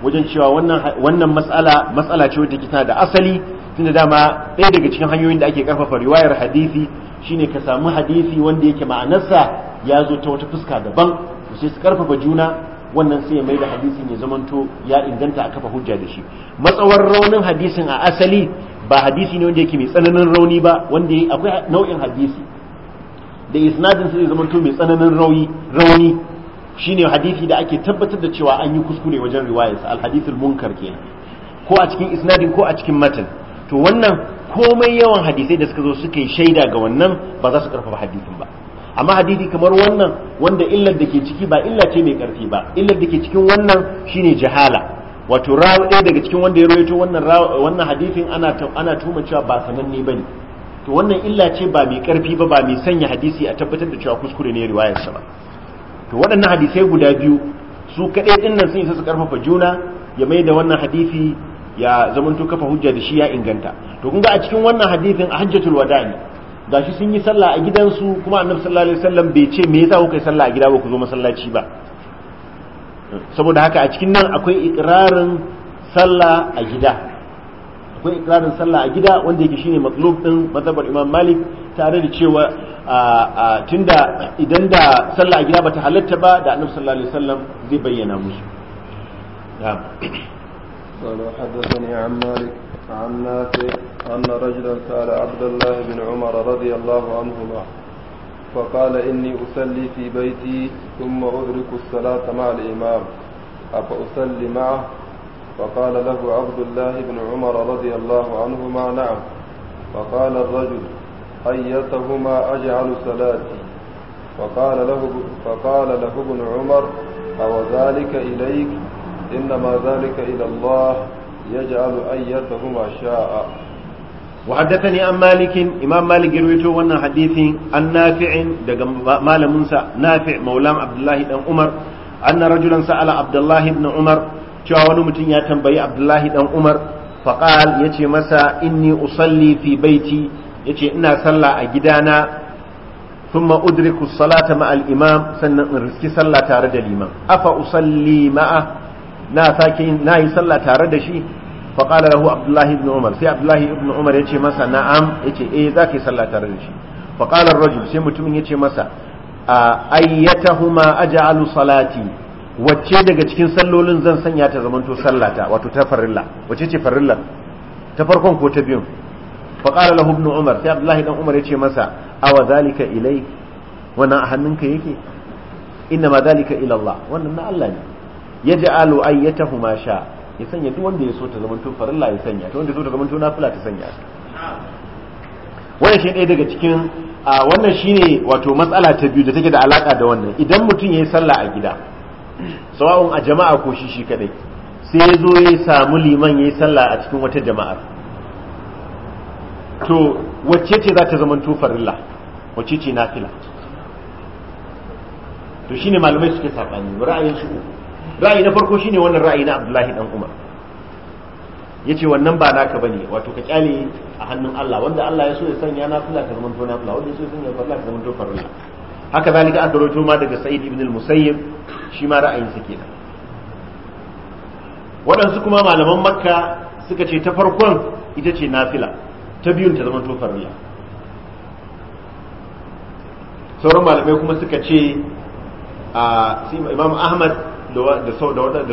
wajen cewa wannan matsala matsala mas'ala ce wadda tana da asali da dama ɗaya daga cikin hanyoyin da ake karfafa riwayar hadisi shine ka samu hadisi wanda yake ma'anarsa ya zo ta wata fuska daban sai su karfafa juna wannan sai ya mai da hadisin ya zamanto ya inganta a kafa hujja da shi matsawar raunin hadisin a asali ba hadisi ne wanda yake mai tsananin rauni ba wanda akwai nau'in hadisi da isnadin sai ya zamanto mai tsananin rauni rauni shine hadisi da ake tabbatar da cewa an yi kuskure wajen riwayarsa alhadithul munkar kenan ko a cikin isnadin ko a cikin matan to wannan komai yawan hadisai da suka zo suka yi shaida ga wannan ba za su karfafa hadisin ba amma hadisi kamar wannan wanda illar da ke ciki ba illa ce mai karfi ba illar da ke cikin wannan shine jahala wato rawa ɗaya daga cikin wanda ya rawaito wannan wannan hadisin ana ana tuma cewa ba sananne bane to wannan illa ce ba mai karfi ba ba mai sanya hadisi a tabbatar da cewa kuskure ne riwayar sa ba to waɗannan hadisai guda biyu su kaɗai ɗin nan sun isa su karfafa juna ya mai da wannan hadisi ya zamanto kafa hujja da shi ya inganta to kun ga a cikin wannan hadisin a hajjatul wada gashi sun yi sallah a gidansu kuma annabi sallallahu alaihi wasallam bai ce me yasa kuka yi sallah a gida ba ku zo masallaci ba saboda haka a cikin nan akwai ikrarin sallah a gida akwai ikrarin sallah a gida wanda yake shine matlub din mazhabar imam malik tare da cewa tunda idan da sallah a gida bata halatta ba da annabi sallallahu alaihi wasallam zai bayyana musu قال وحدثني عن مالك عن نافع أن رجلا سأل عبد الله بن عمر رضي الله عنهما فقال إني أصلي في بيتي ثم أدرك الصلاة مع الإمام أفأصلي معه فقال له عبد الله بن عمر رضي الله عنهما نعم فقال الرجل أيتهما أجعل صلاتي فقال له فقال له ابن عمر أو ذلك إليك إنما ذلك إلى الله يجعل أيتهما شاء وحدثني عن مالك إمام مالك رويته وانا حديث عن نافع مال منسى نافع مولام عبد الله بن عمر أن رجلا سأل عبد الله بن عمر cewa wani mutum ya tambayi abdullahi dan umar faqal yace masa inni usalli fi yace ina sallah a gidana na udriku salata ma'al imam sannan in riski sallah tare da liman afa usalli ma'a na sake na yi sallah tare da shi fa qala lahu abdullahi ibn umar sai abdullahi ibn umar yace masa na'am yace eh zaka yi sallah tare da shi fa qala ar-rajul sai mutumin yace masa ayyatahuma aj'alu salati wacce daga cikin sallolin zan sanya ta zamanto sallata wato ta farilla wacce ce farilla ta farkon ko ta biyun qala lahu ibn umar sai abdullahi dan umar ya ce masa awa zalika ilai wannan a hannunka yake inna ma zalika ila Allah wannan na Allah ne ya ji alu ayyatahu ma sha ya sanya duk wanda ya so ta zama farilla ya sanya ta wanda ya so ta zama nafila ta sanya wannan shi ɗaya daga cikin wannan shine wato matsala ta biyu da take da alaka da wannan idan mutum ya yi sallah a gida sawa'un a jama'a ko shi shi kadai sai ya zo ya samu liman ya yi sallah a cikin wata jama'ar to wacce ce za ta zama farilla wacce ce nafila to shine malamai suke saɓani ra'ayin su ra'ayi na farko shine wannan ra'ayi na abdullahi dan umar yace wannan ba naka bane wato ka kyale a hannun Allah wanda Allah ya so ya sanya na fula ka to na fula wanda ya so ya sanya farla ka to farilla haka zalika an karoto ma daga sa'id ibn al-musayyib shi ma ra'ayin sa kenan waɗansu kuma malaman makka suka ce ta farkon ita ce nafila ta biyun ta to farilla sauran malamai kuma suka ce a imam ahmad da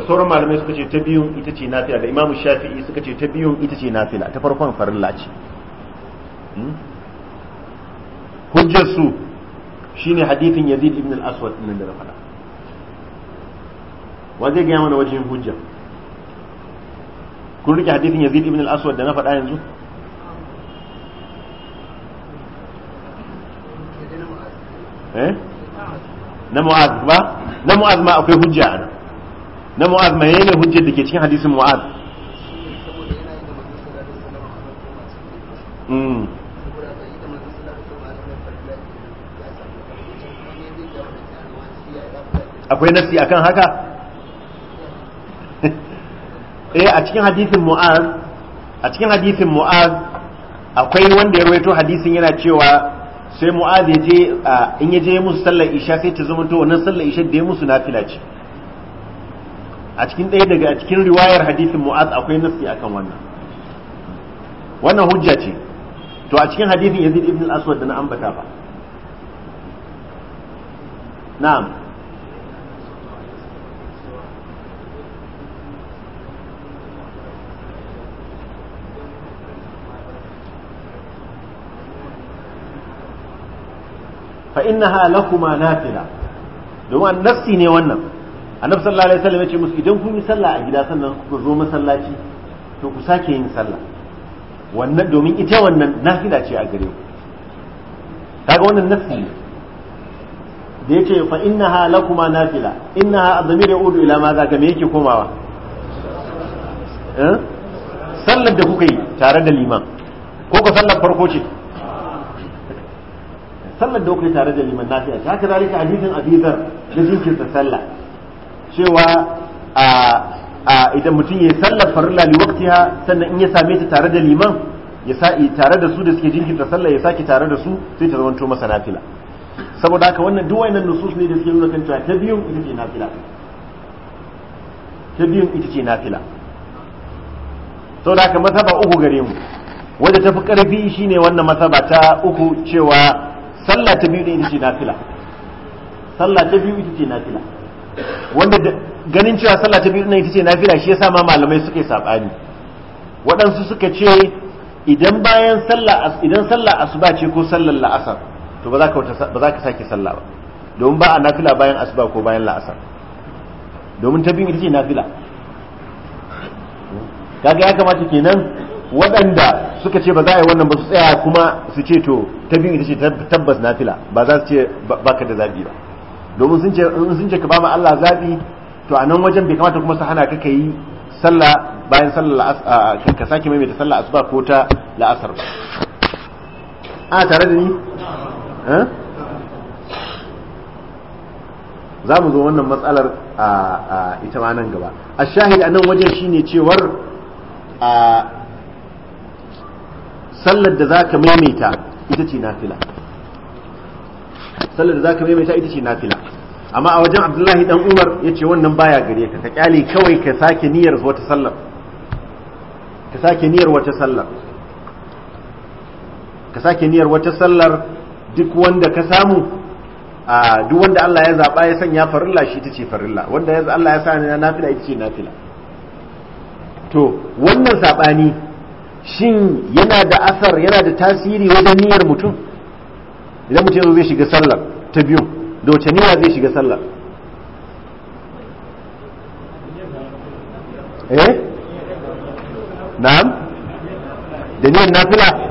sauran malamai suka ce ta biyun ita ce nafila da imamu shafi'i suka ce ta biyun ita ce nafila ta farkon farilla ce hmm? hujjar su ne hadithin yazid ibn al-aswad nan da faɗa wanzai gaya mana wajen hujja kun rike hadithin yazid ibn al-aswad da na faɗa yanzu eh? na mu'az ba na mu'az ma akwai hujja a nan na mu'az ma yana hujjar da ke cikin hadisin mu'az hmm. akwai nafsi akan haka eh a cikin hadisin mu'az a cikin hadisin mu'az akwai wanda ya rawaito hadisin yana cewa sai mu'az ya je in ya je musu sallar isha sai ta zama to wannan sallar isha da ya musu nafila ce a cikin ɗaya daga cikin riwayar hadisin mu'az akwai nasi akan wannan wannan hujja ce to a cikin hadisin yazid ibn al-aswad da na ambata ba na'am fa innaha lakuma nafila domin nafsi ne wannan annabi sallallahu alaihi wasallam ya ce musu idan kun yi sallah a gida sannan ku zo masallaci to ku sake yin sallah wannan domin ita wannan nafila ce a gare ku kaga wannan nafsi ne da yace fa innaha lakuma nafila innaha adamir yaudu ila ma za me yake komawa eh? sallar da kuka yi tare da liman ko ka sallar farko ce sallar da kuka tare da liman nafi'a ce haka zalika hadisin abizar da jinkirta sallah cewa a idan mutum ya sallar farilla li waqtiha sannan in ya same ta tare da liman ya sa'i tare da su da suke jinkirta sallah ya saki tare da su sai ta zamanto masa nafila saboda haka wannan duk wayannan nusus ne da suke nuna kan cewa ta biyun ita ce nafila ta biyun ita ce nafila saboda haka masaba uku gare mu wanda tafi karfi shine wannan masaba ta uku cewa sallah ta biyu ita ce nafila sallah ta biyu ita ce nafila wanda ganin cewa sallah ta biyu ne ita ce nafila shi yasa ma malamai suke sabani waɗansu suka ce idan bayan sallah idan sallah asuba ce ko sallar la'asar to ba za ka ba za ka sake sallah ba domin ba a nafila bayan asuba ko bayan la'asar domin ta biyu ita ce nafila kaga ya kamata kenan waɗanda suka ce ba za a yi wannan ba su tsaya kuma su ce to ta biyu ita ce tabbas na fila ba za su ce ba ka da zaɓi ba domin sun ce ka ba ma Allah zaɓi to a nan wajen bai kamata kuma su hana ka ka yi sallah bayan sallah ka sake maimaita sallah asuba ko ta la'asar ba a tare da ni za mu zo wannan matsalar a ita ma nan gaba a shahid a nan wajen shine cewar sallar da ka maimaita ita ce nafila sallar da ka maimaita ita ce nafila amma a wajen abdullahi dan umar ya ce wannan baya gare ka ka kyale kawai ka sake niyyar wata sallar ka sake niyyar wata sallar ka sake niyyar wata sallar duk wanda ka samu a duk wanda Allah ya zaba ya sanya farilla shi ta ce farilla wanda Allah ya sa na nafila ita ce nafila to wannan sabani shin yana da asar yana da tasiri wajen niyyar mutum idan mutum zai shiga sallar ta biyu da wace niyya zai shiga sallar eh na'am da niyyar nafila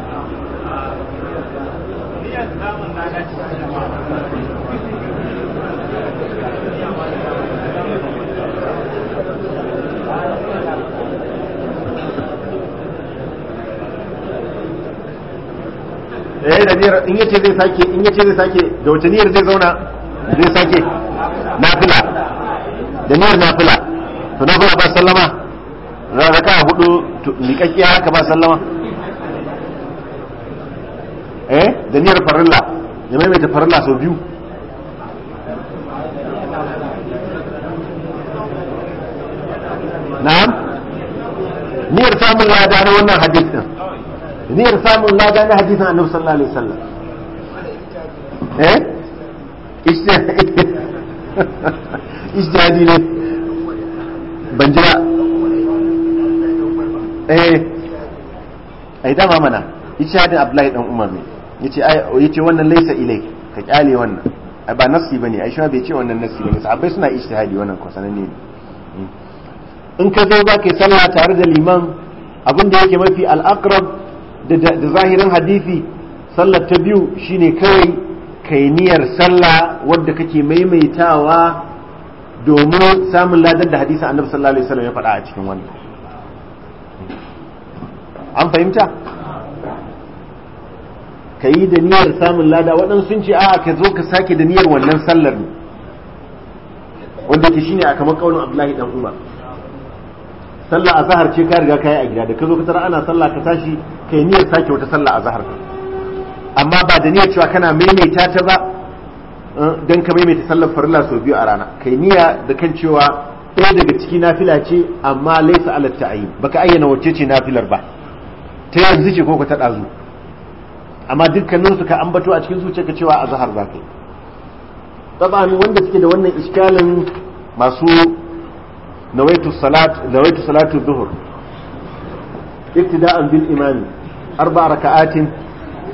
eh da niyyar in yace zai sake in yace zai sake da wace niyyar zai zauna zai sake nafila da niyyar nafila to nafila ba sallama raka hudu miƙaƙƙiya haka ba sallama eh da niyyar farilla ya maimaita farilla sau biyu na'am niyyar samun lada na wannan hadith din niyyar samun lada na hadisin annabi sallallahu alaihi wasallam eh ijtihadi ne ban jira eh ai dama mana ijtihadin abdullahi dan umar ne yace yace wannan laisa ilai ka kyale wannan ai ba nafsi bane ai shima bai ce wannan nafsi bane sahabbai suna ijtihadi wannan ko sananne ne in ka zo za ka sallah tare da liman abin da yake mafi al'akrab da zahirin hadisi sallar ta biyu shine kawai kai niyyar sallah wadda kake maimaitawa domin samun ladar da hadisi annabi sallallahu alaihi wasallam ya faɗa a cikin wannan an fahimta ka yi da niyyar samun lada waɗansu sun ce a'a ka zo ka sake da niyyar wannan sallar ne wanda ke shine a kamar kaunin abdullahi dan umar sallah zahar ce ka riga kai a gida da ka zo ka tara ana sallah ka tashi kai niyyar sake wata sallah a ka amma ba da niyyar cewa kana maimaita ta ba eh, dan ka maimaita sallar farilla sau biyu a rana kai niyya da kan cewa ɗaya daga ciki nafila ce amma laisa ala ta'ayi baka ayyana wacce ce nafilar ba ta yanzu ce ko ka ta ɗazu amma dukkanin su ka ambato a cikin zuciyarka cewa azhar za ka yi wanda suke da wannan iskalin masu nawaitu salat nawaitu salatu dhuhr ibtida'an bil imami arba raka'atin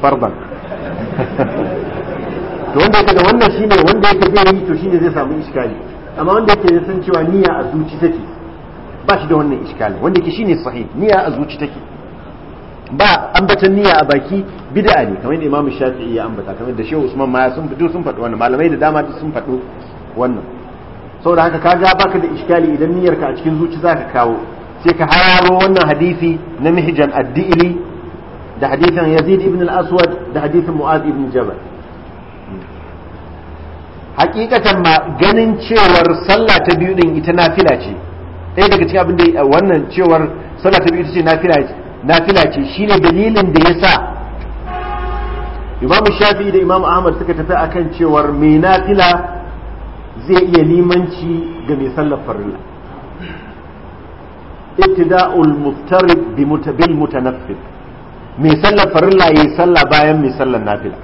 fardan to wanda yake da wannan shine wanda yake zai yi to shine zai samu iskali amma wanda yake da san cewa niyya a zuci take ba shi da wannan iskali wanda yake shine sahih niyya a zuci take ba ambatan niyya a baki bid'a ne kamar da Imam Shafi'i ya ambata kamar da Shehu Usman ma sun fito sun faɗi wannan malamai da dama sun faɗo wannan saboda haka ka ga baka da iskali idan niyyarka a cikin zuci ka kawo sai ka hararo wannan hadisi na mihjan ad-dili da hadisin Yazid ibn al-Aswad da hadisin Mu'az ibn Jabal hakikatan ma ganin cewar sallah ta biyu din ita nafila ce ɗaya daga cikin abin da wannan cewar sallah ta biyu ita ce nafila ce nafila ce shine dalilin da yasa Imam Shafi'i da Imam Ahmad suka tafi akan cewar me nafila zai iya limanci ga mai sallar farilla ittida'ul muftarid bi mutabil mutanaffil mai sallar farilla yayin sallah bayan mai sallar nafila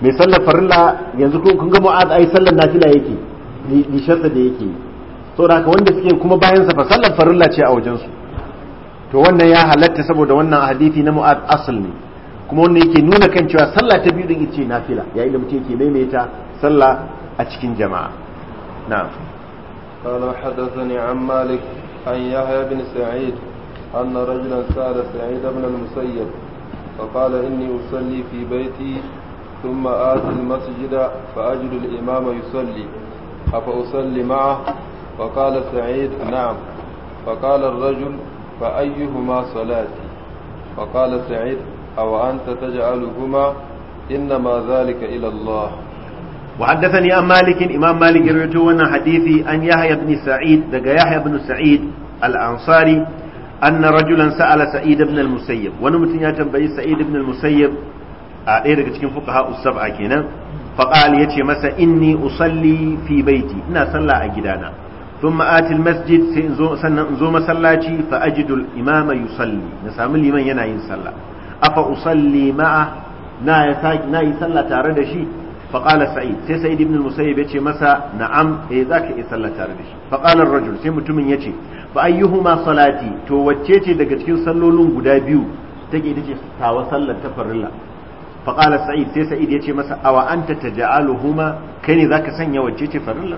mai sallar farilla yanzu kun ga mu'az ai sallar nafila yake lishansa da yake saboda haka wanda suke kuma bayan sa fa sallar farilla ce a wajensu to wannan ya halatta saboda wannan hadisi na mu'az asl ne kuma wannan yake nuna kan cewa sallah ta biyu din ita ce nafila yayin da mutum yake maimaita sallah a cikin jama'a na'am قال حدثني عن مالك عن يحيى بن سعيد أن رجلا سأل سعيد بن المسيب فقال إني أصلي في بيتي ثم آتي المسجد فأجد الإمام يصلي أفأصلي معه فقال سعيد نعم فقال الرجل فأيهما صلاتي فقال سعيد أو أنت تجعلهما إنما ذلك إلى الله وحدثني عن مالك إمام مالك رويته حديثي أن يحيى بن سعيد دقى يحيى بن سعيد الأنصاري أن رجلا سأل سعيد بن المسيب ونمتن يتنبي سعيد بن المسيب أعطيه لك تكين فقهاء السبعة كينا فقال يتي مسا إني أصلي في بيتي إنا صلى أجدانا ثم آتي المسجد سننزو مسلاتي فأجد الإمام يصلي نسام الإمام ينعين صلى afa usalli ma'a na yi sallah tare da shi faƙala sa'id sai sa'id ibn musayyib ya ce masa na'am eh za ka yi sallah tare da shi faƙalar rajul sai mutumin ya ce fa ayyuhuma salati to wacce ce daga cikin sallolin guda biyu take ita ce tawa sallar ta farilla faƙala sa'id sai sa'id ya ce masa awa anta taj'aluhuma kai ne zaka sanya wacce ce farilla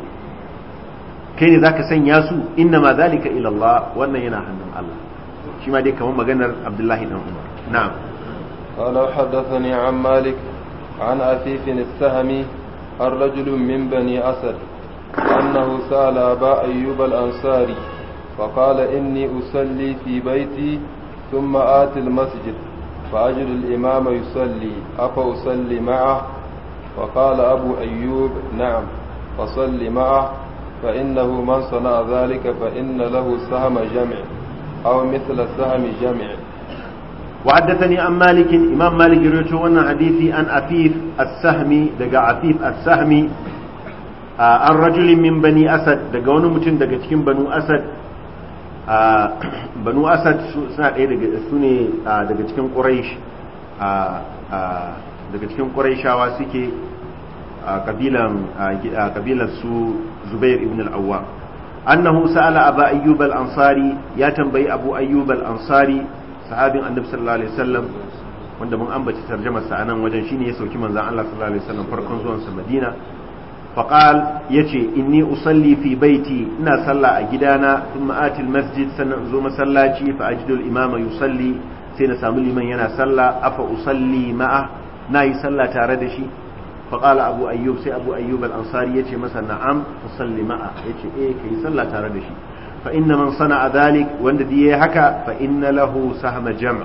kai ne zaka sanya su inna ma zalika ila Allah wannan yana hannun Allah shi ma dai kamar maganar Abdullahi dan Umar na'am قال حدثني عن مالك عن أثيف السهمي الرجل من بني أسد أنه سأل أبا أيوب الأنصاري فقال إني أصلي في بيتي ثم آتي المسجد فأجد الإمام يصلي أفأصلي معه فقال أبو أيوب نعم فصلي معه فإنه من صنع ذلك فإن له سهم جمع أو مثل سهم جمع Ku adda ta ne an malikin iman malikiyar da wannan hadisi an Afif as-Sahmi daga Afif as-Sahmi an rajuli min Bani Asad daga wani mutum daga cikin Banu Asad. Banu Asad suna ɗaya daga su daga cikin ƙurai daga cikin ƙurai suke kabilan su zubair Ibn Awwa. Annahusa al'aba ayyubal ansari ya tambayi abu ayyubal ansari sahabin annabi sallallahu alaihi wasallam wanda mun ambaci tarjumar sa anan wajen shine ya sauki manzon Allah sallallahu alaihi wasallam farkon zuwan sa Madina faqal yace inni usalli fi baiti ina salla a gidana thumma atil masjid sannan zo masallaci fa ajidul imama yusalli sai na samu liman yana salla afa usalli ma'a nayi salla tare da shi فقال أبو أيوب سي أبو أيوب الأنصاري يتي مثلا نعم فصل معه يتي إيه كي صلى تاردشي fa inna man sana'a dhalik wanda da yi haka fa inna lahu sahma jam'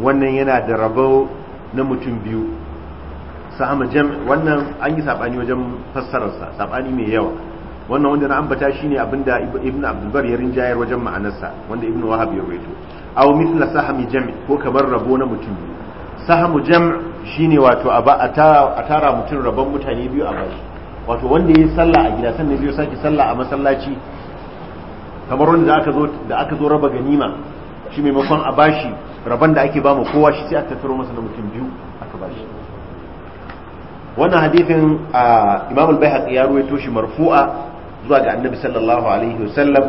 wannan yana da rabo na mutum biyu sahma jam' wannan an yi sabani wajen fassararsa sabani mai yawa wannan wanda na ambata shine abinda ibnu abdul bar ya rinjayar wajen ma'anarsa wanda ibnu wahab ya rawaito aw mithla sahmi jam' ko kamar rabo na mutum biyu wato a tara mutum rabon mutane biyu a bashi wato wanda ya yi sallah a gida sannan zai sake sallah a masallaci kamar wanda da aka zo da aka zo raba ganima shi maimakon a bashi rabon da ake ba mu kowa shi sai a tattaro masa da mutum biyu aka bashi wannan hadithin a imam al-baihaqi ya ruwaito shi marfu'a zuwa ga annabi sallallahu alaihi wasallam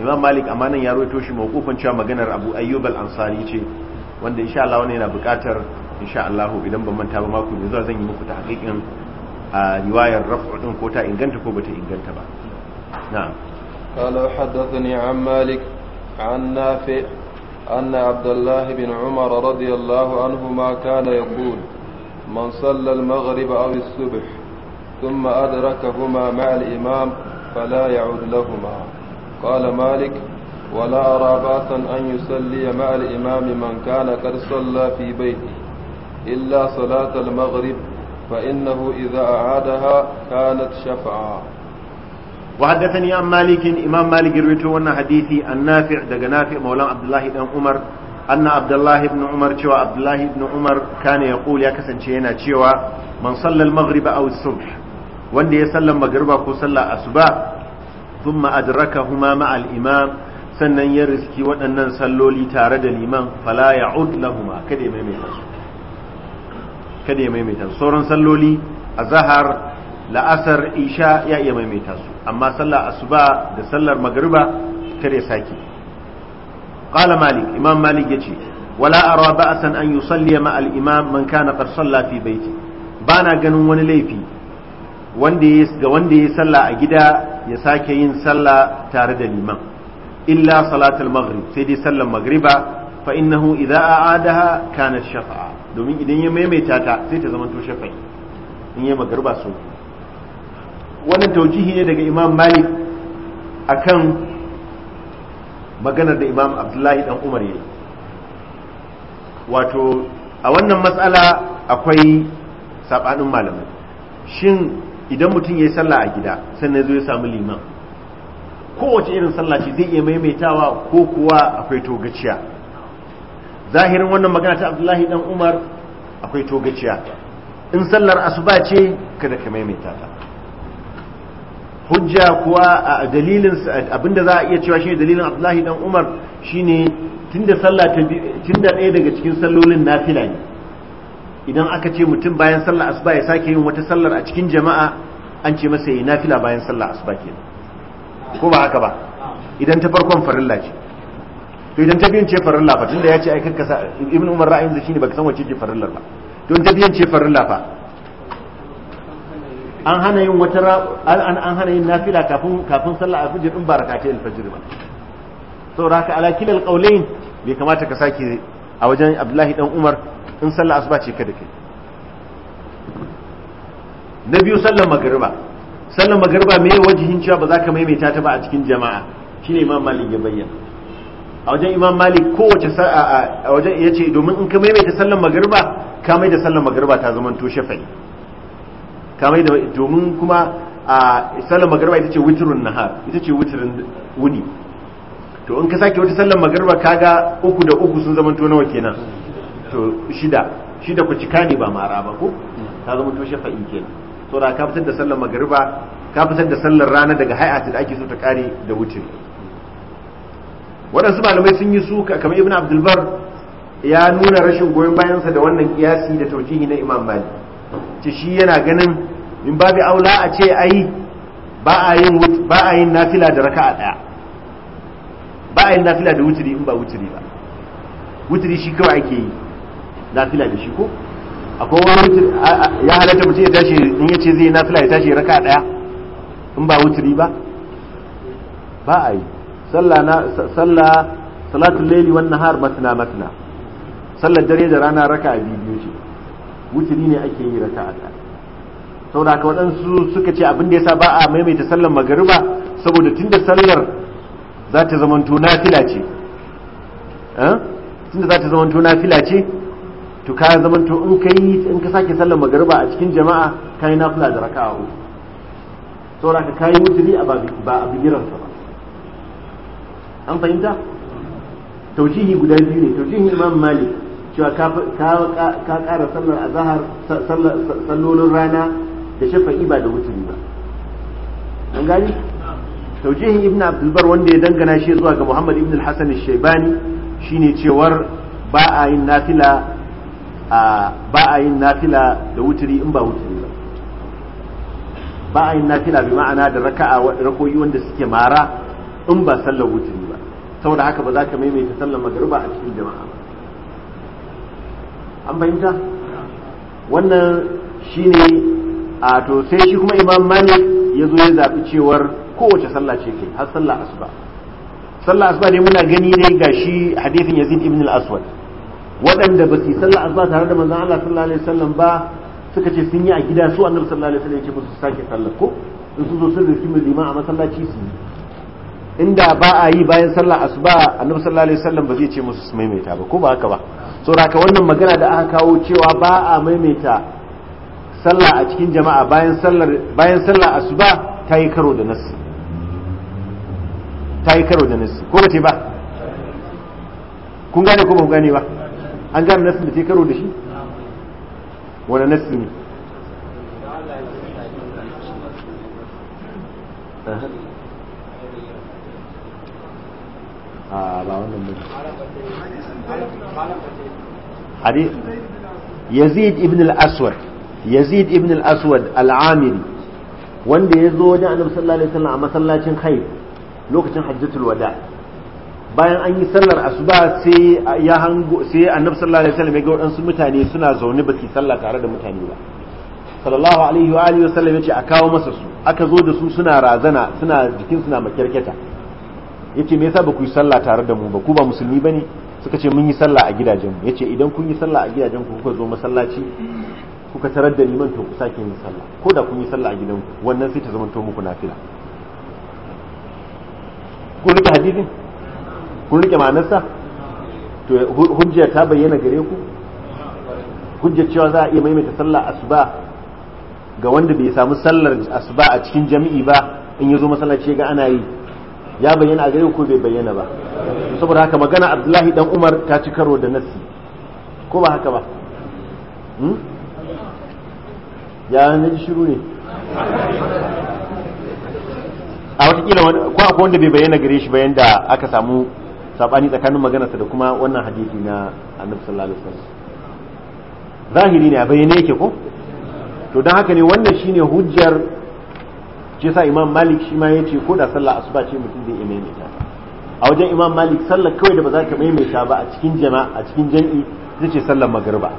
imam malik amanan ya ruwaito shi mawqufan cewa maganar abu ayyub al-ansari ce wanda insha Allah wannan yana buƙatar insha Allah idan ban manta ba mako ne zuwa zan yi muku tahqiqin riwayar raf'u din ko ta inganta ko bata inganta ba na'am قال حدثني عن مالك عن نافع أن عبد الله بن عمر رضي الله عنهما كان يقول من صلى المغرب أو الصبح ثم أدركهما مع الإمام فلا يعود لهما قال مالك ولا أرى بأسا أن يصلي مع الإمام من كان قد صلى في بيته إلا صلاة المغرب فإنه إذا أعادها كانت شفعا وحدثني عن مالك إمام مالك رويته وانا حديثي النافع دق نافع مولان عبد الله بن عمر أن عبد الله بن عمر شوى عبد الله بن عمر كان يقول يا كسن شينا شوى من صلى المغرب أو الصبح وندي يسلم مغربا كو صلى أصبع ثم أدركهما مع الإمام sannan ya riski waɗannan salloli tare da liman fala ya lahuma kada ya maimaita su kada ya maimaita sauran salloli a zahar la'asar isha ya iya maimaita su amma sallar asuba da sallar magriba kare saki qala malik imam malik yace wala ara ba'san an yusalli ma al imam man kana qad salla fi baiti bana ganin wani laifi wanda ya ga wanda ya salla a gida ya sake yin salla tare da liman illa salatul maghrib sai dai sallar magriba fa innahu idza a'adaha kanat shafa'a domin idan ya maimaita ta sai ta zama to shafa'i in yi magarba sau wannan taujihi ne daga imam malik akan maganar da imam abdullahi dan umar yi. wato a wannan matsala akwai sabanin malamai shin idan mutum ya yi sallah a gida sannan zai samu liman kowace irin sallah ce zai iya maimaitawa ko kuwa akwai togaciya zahirin wannan magana ta abdullahi dan umar akwai togaciya in sallar asuba ce kada ka maimaita ta hujja kuwa a dalilin abinda za a iya cewa shine dalilin Abdullahi dan Umar shine tunda sallah ta tunda ɗaya daga cikin sallolin nafila ne idan aka ce mutum bayan sallar asuba ya sake yin wata sallar a cikin jama'a an ce masa yi nafila bayan sallar asuba kenan ko ba haka ba idan ta farkon farilla ce to idan ta biyun ce farilla fa tunda ya ce ai kanka ibn Umar ra'ayin sa shine baka san wacce ce farillar ba to in ta biyun ce farilla fa an hana yin wata an an hana yin nafila kafin kafin sallar alfajir din barakatai alfajr ba saboda haka ala kilal qawlain bai kamata ka sake a wajen Abdullahi dan Umar in sallah asuba ce kada kai na biyu sallar magriba sallar magriba me wajihin cewa ba za ka maimaita ta ba a cikin jama'a shine Imam Malik ya bayyana a wajen Imam Malik kowace a wajen yace domin in ka maimaita sallar magriba ka mai da sallar magriba ta zama to shafa'i kamar da domin kuma a sallar magarba ita ce witrun nahar ita ce witrin wuni to in ka sake wata sallar magarba kaga uku da uku sun zamanto nawa kenan to shida shida ku cika ne ba mara ba ko ta zama to in kenan to da ka fitar da sallar magarba ka fitar da sallar rana daga hay'ati da ake so ta kare da wutri waɗansu malamai sun yi suka kamar ibn abdulbar ya nuna rashin goyon bayansa da wannan kiyasi da taujihi na imam malik ce shi yana ganin in babu aula a ce ai ba a yin ba a yin nafila da raka'a daya ba a yin nafila da wuturi in ba wuturi ba wuturi shi kawai ake yi nafila da shi ko akwai wani wuturi ya halatta mutum ya tashi in ya ce zai nafila ya tashi raka'a daya in ba wuturi ba ba a yi sallah salatul laili wan nahar matna matna sallar dare da rana raka'a biyu ce wuturi ne ake yi raka'a daya saboda haka waɗansu suka ce abin da yasa ba a maimaita sallar magariba saboda tunda sallar za ta zamanto fila ce eh? tunda za ta zamanto nafila ce to ka zamanto in ka yi in ka sake sallar magariba a cikin jama'a ka yi nafila da raka a saboda haka ka yi wuturi a ba a bigiransa ba an fahimta taujihi guda biyu ne taujihin imam malik cewa ka ƙara sallar azahar sallolin rana da shafa'i iba da wuturi ba an gani taujihin ibn abdulbar wanda ya dangana shi zuwa ga muhammad ibn al-hasan shaibani shine cewar ba a yin nafila ba a nafila da wuturi in ba wuturi ba ba a yin nafila bi ma'ana da raka'a rakoyi wanda suke mara in ba sallar wuturi ba saboda haka ba za ka maimaita sallar magruba a cikin jama'a ba an fahimta wannan shine a to sai shi kuma imam malik ya zo ya zaɓi cewar kowace sallah ce kai har sallah asuba sallah asuba ne muna gani dai ga shi hadithin yazid ibn al-aswad waɗanda ba su yi sallah asuba tare da manzon Allah sallallahu alaihi wasallam ba suka ce sun yi a gida su annabi sallallahu alaihi wasallam ya ce musu sake sallah ko in su zo sun rufi liman a masallaci su yi inda ba a yi bayan sallah asuba annabi sallallahu alaihi wasallam ba zai ce musu su maimaita ba ko ba haka ba saboda haka wannan magana da aka kawo cewa ba a maimaita sallah a cikin jama'a bayan sallar bayan asuba ta yi karo da nassi ta yi karo da nassi ko bace ba kun gane ko ba ku gane ba an gane nassin da ta yi karo da shi wani nassi ne a ah, ba wannan ba. ne yazid ibn al-aswad yazid ibn al-aswad al-amiri wanda ya zo wajen annabi sallallahu alaihi wasallam a masallacin khayf lokacin hajjatul wada bayan an yi sallar asuba sai ya hango sai annabi sallallahu alaihi wasallam ya ga waɗansu mutane suna zaune ba su sallah tare da mutane ba sallallahu alaihi wa alihi wasallam yace a kawo masa su aka zo da su suna razana suna jikin suna makyarketa yace me yasa ba ku yi sallah tare da mu ba ku ba musulmi bane suka ce mun yi sallah a gidajenmu yace idan kun yi sallah a gidajenku kuka zo masallaci kuka tarar da neman to ku sake yin sallah ko da kun yi sallah a gidanku wannan sai ta zama to muku nafila ku rike hadisin kun rike ma'anarsa to hujja ta bayyana gare ku hujjar cewa za a iya maimaita sallah asuba ga wanda bai samu sallar asuba a cikin jami'i ba in ya zo masallaci ga ana yi ya bayyana a gare ko bai bayyana ba saboda haka magana abdullahi dan umar ta ci karo da nasi ko ba haka ba hmm? ya na shiru ne a watakila ko akwai wanda bai bayyana gare shi bayan da aka samu sabani tsakanin maganarsa da kuma wannan hadisi na annabi sallallahu alaihi wasallam zahiri ne a bayyane yake ko to don haka ne wannan shine hujjar ce sa imam malik shi ma yace ko da sallah asuba ce mutum zai maimaita a wajen imam malik sallar kawai da ba za ka maimaita ba a cikin jama'a a cikin jan'i zai ce sallar magriba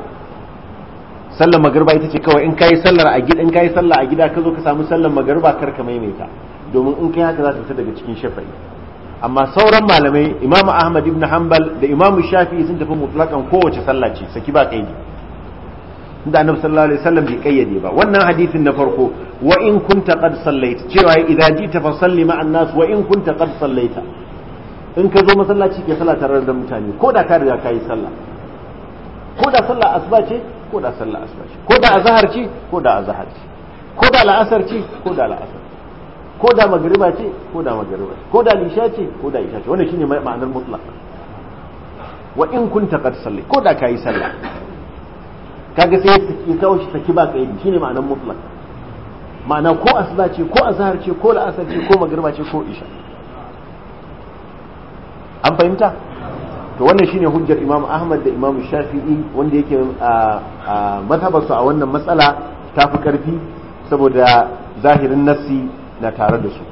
sallar magariba ita ce kawai in yi sallar a gida in kai sallar a gida ka zo ka samu sallar magariba kar ka maimaita domin in kai haka za ta fita daga cikin shafa'i amma sauran malamai imamu ahmad ibn hanbal da imamu shafi sun tafi mutlakan kowace sallah ce saki ba kaidi da annabi sallallahu alaihi wasallam bai kayyade ba wannan hadisin na farko wa in kunta qad sallaita cewa idan ji ta fasalli ma'an nas wa in kunta qad sallaita in ka zo masallaci ke sallah tare da mutane ko da ka riga yi sallah ko da sallah asuba ce ko da sallar asuba ce ko da azhar ce ko da azhar ce ko da la'asar ce ko da la'asar ko da magriba ce ko da magriba ce ko da isha ce ko da isha ce wannan shine ma'anar mutlaq wa in kunta qad salli ko da kai sallah kaga sai ya kawo shi saki ba kai shine ma'anar mutlaq ma'ana ko asuba ce ko azhar ce ko la'asar ce ko magriba ce ko isha an fahimta to wannan shine hujjar Imam Ahmad da Imam Shafi'i wanda yake a matabarsu a wannan matsala ta fi karfi saboda zahirin nassi na tare da su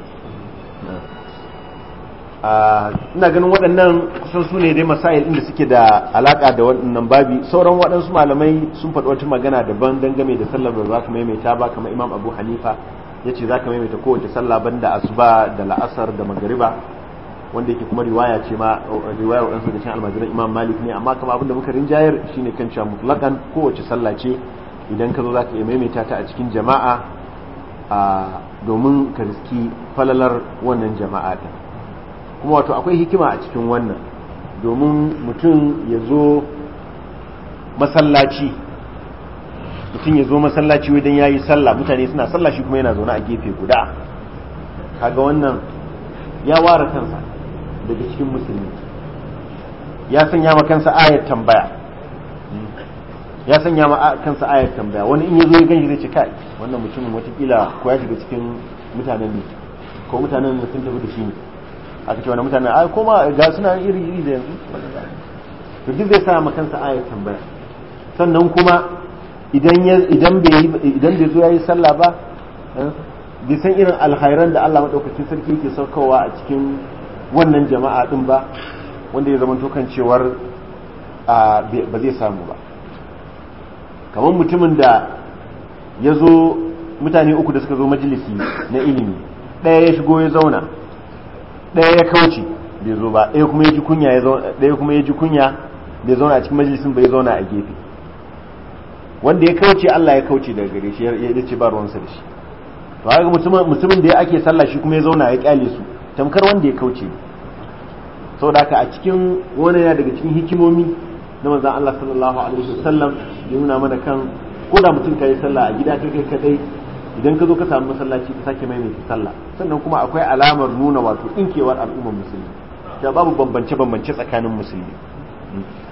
ina ganin waɗannan kusan su ne dai masail inda suke da alaƙa da waɗannan babi sauran waɗansu malamai sun faɗi wata magana daban game da sallar da za ka maimaita ba kamar imam abu hanifa ya ce za ka maimaita kowace sallah banda asuba da la'asar da magariba wanda yake kuma riwaya ce ma riwaya wadansu da cikin almajiran imam malik ne amma kama abinda muka rinjayar shine kan cewa mutlakan kowace sallah ce idan ka zo za ka iya maimaita ta a cikin jama'a domin ka riski falalar wannan jama'a ta kuma wato akwai hikima a cikin wannan domin mutum ya zo masallaci mutum ya zo masallaci wajen ya yi sallah mutane suna sallah shi kuma yana zaune a gefe guda kaga wannan ya ware kansa daga cikin musulmi ya sanya ma kansa ayat tambaya ya sanya ma kansa ayat tambaya wani in yazo ya ganshi zai ce kai wannan mutumin watakila ko ya shiga cikin mutanen ne ko mutanen ne sun tafi da shi ne aka ce wani mutanen ai koma ga suna iri iri da yanzu to duk zai sa ma kansa ayat tambaya sannan kuma idan idan bai idan bai zo yayi sallah ba eh, bai san irin alkhairan da Allah madaukakin sarki yake saukowa a cikin wannan jama'a din ba wanda ya zama tokan cewar ba zai samu ba kamar mutumin da ya zo mutane uku da suka zo majalisi na ilimi ɗaya ya shigo ya zauna ɗaya ya kauce bai zo ba ɗaya kuma ya ji kunya kuma ya ji kunya bai zauna a cikin majalisin bai zauna a gefe wanda ya kauce Allah ya kauce daga gare shi ya ce ba ruwansa da shi to haka mutumin da ya ake sallah shi kuma ya zauna ya kyale su tamkar wanda ya kauce saudaka a cikin wani ya daga cikin hikimomi na manzon Allah sallallahu alaihi wasallam ya nuna mana kan ko da mutum yi sallah a gida kai kadai idan ka zo ka samu masallaci ka sake maimaita sallah sannan kuma akwai alamar nuna wato inkewar al'ummar musulmi ta babu bambance bambance tsakanin musulmi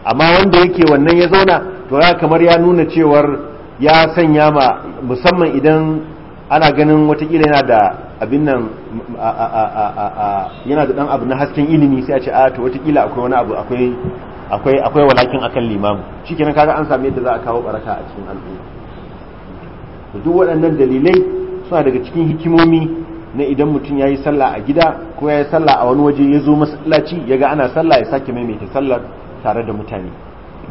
amma wanda yake wannan ya zauna to ya kamar ya nuna cewar ya sanya ma musamman idan ana ganin watakila yana da abin nan yana da dan abu na hasken ilimi sai a ce a ah, to watakila akwai wani abu akwai akwai akwai walakin akan limamu shikenan kaga an same yadda za a kawo baraka a cikin al'umma to duk waɗannan dalilai suna daga cikin hikimomi na idan mutum yayi sallah a gida ko yayi sallah a wani waje ya zo masallaci yaga ana sallah ya sake maimaita sallar tare da mutane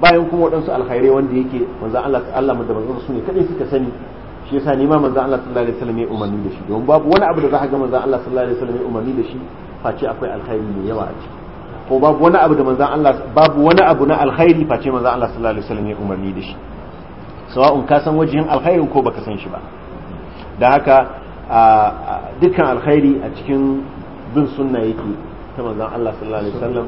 bayan kuma waɗansu alkhairai wanda yake manzo Allah Allah da manzo su ne kadai suka sani shi yasa nima ma manzon Allah sallallahu alaihi wasallam ya umarni da shi don babu wani abu da za a ga manzon Allah sallallahu alaihi wasallam ya umarni da shi face akwai alkhairi mai yawa a ciki ko babu wani abu da manzon Allah babu wani abu na alkhairi face manzon Allah sallallahu alaihi wasallam ya umarni da shi sawa'un ka san wajihin alkhairi ko baka san shi ba da haka dukkan alkhairi a cikin bin sunna yake ta manzon Allah sallallahu alaihi wasallam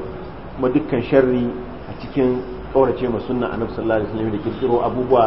kuma dukkan sharri a cikin kaurace ma sunna annabi sallallahu alaihi wasallam da kirkiro abubuwa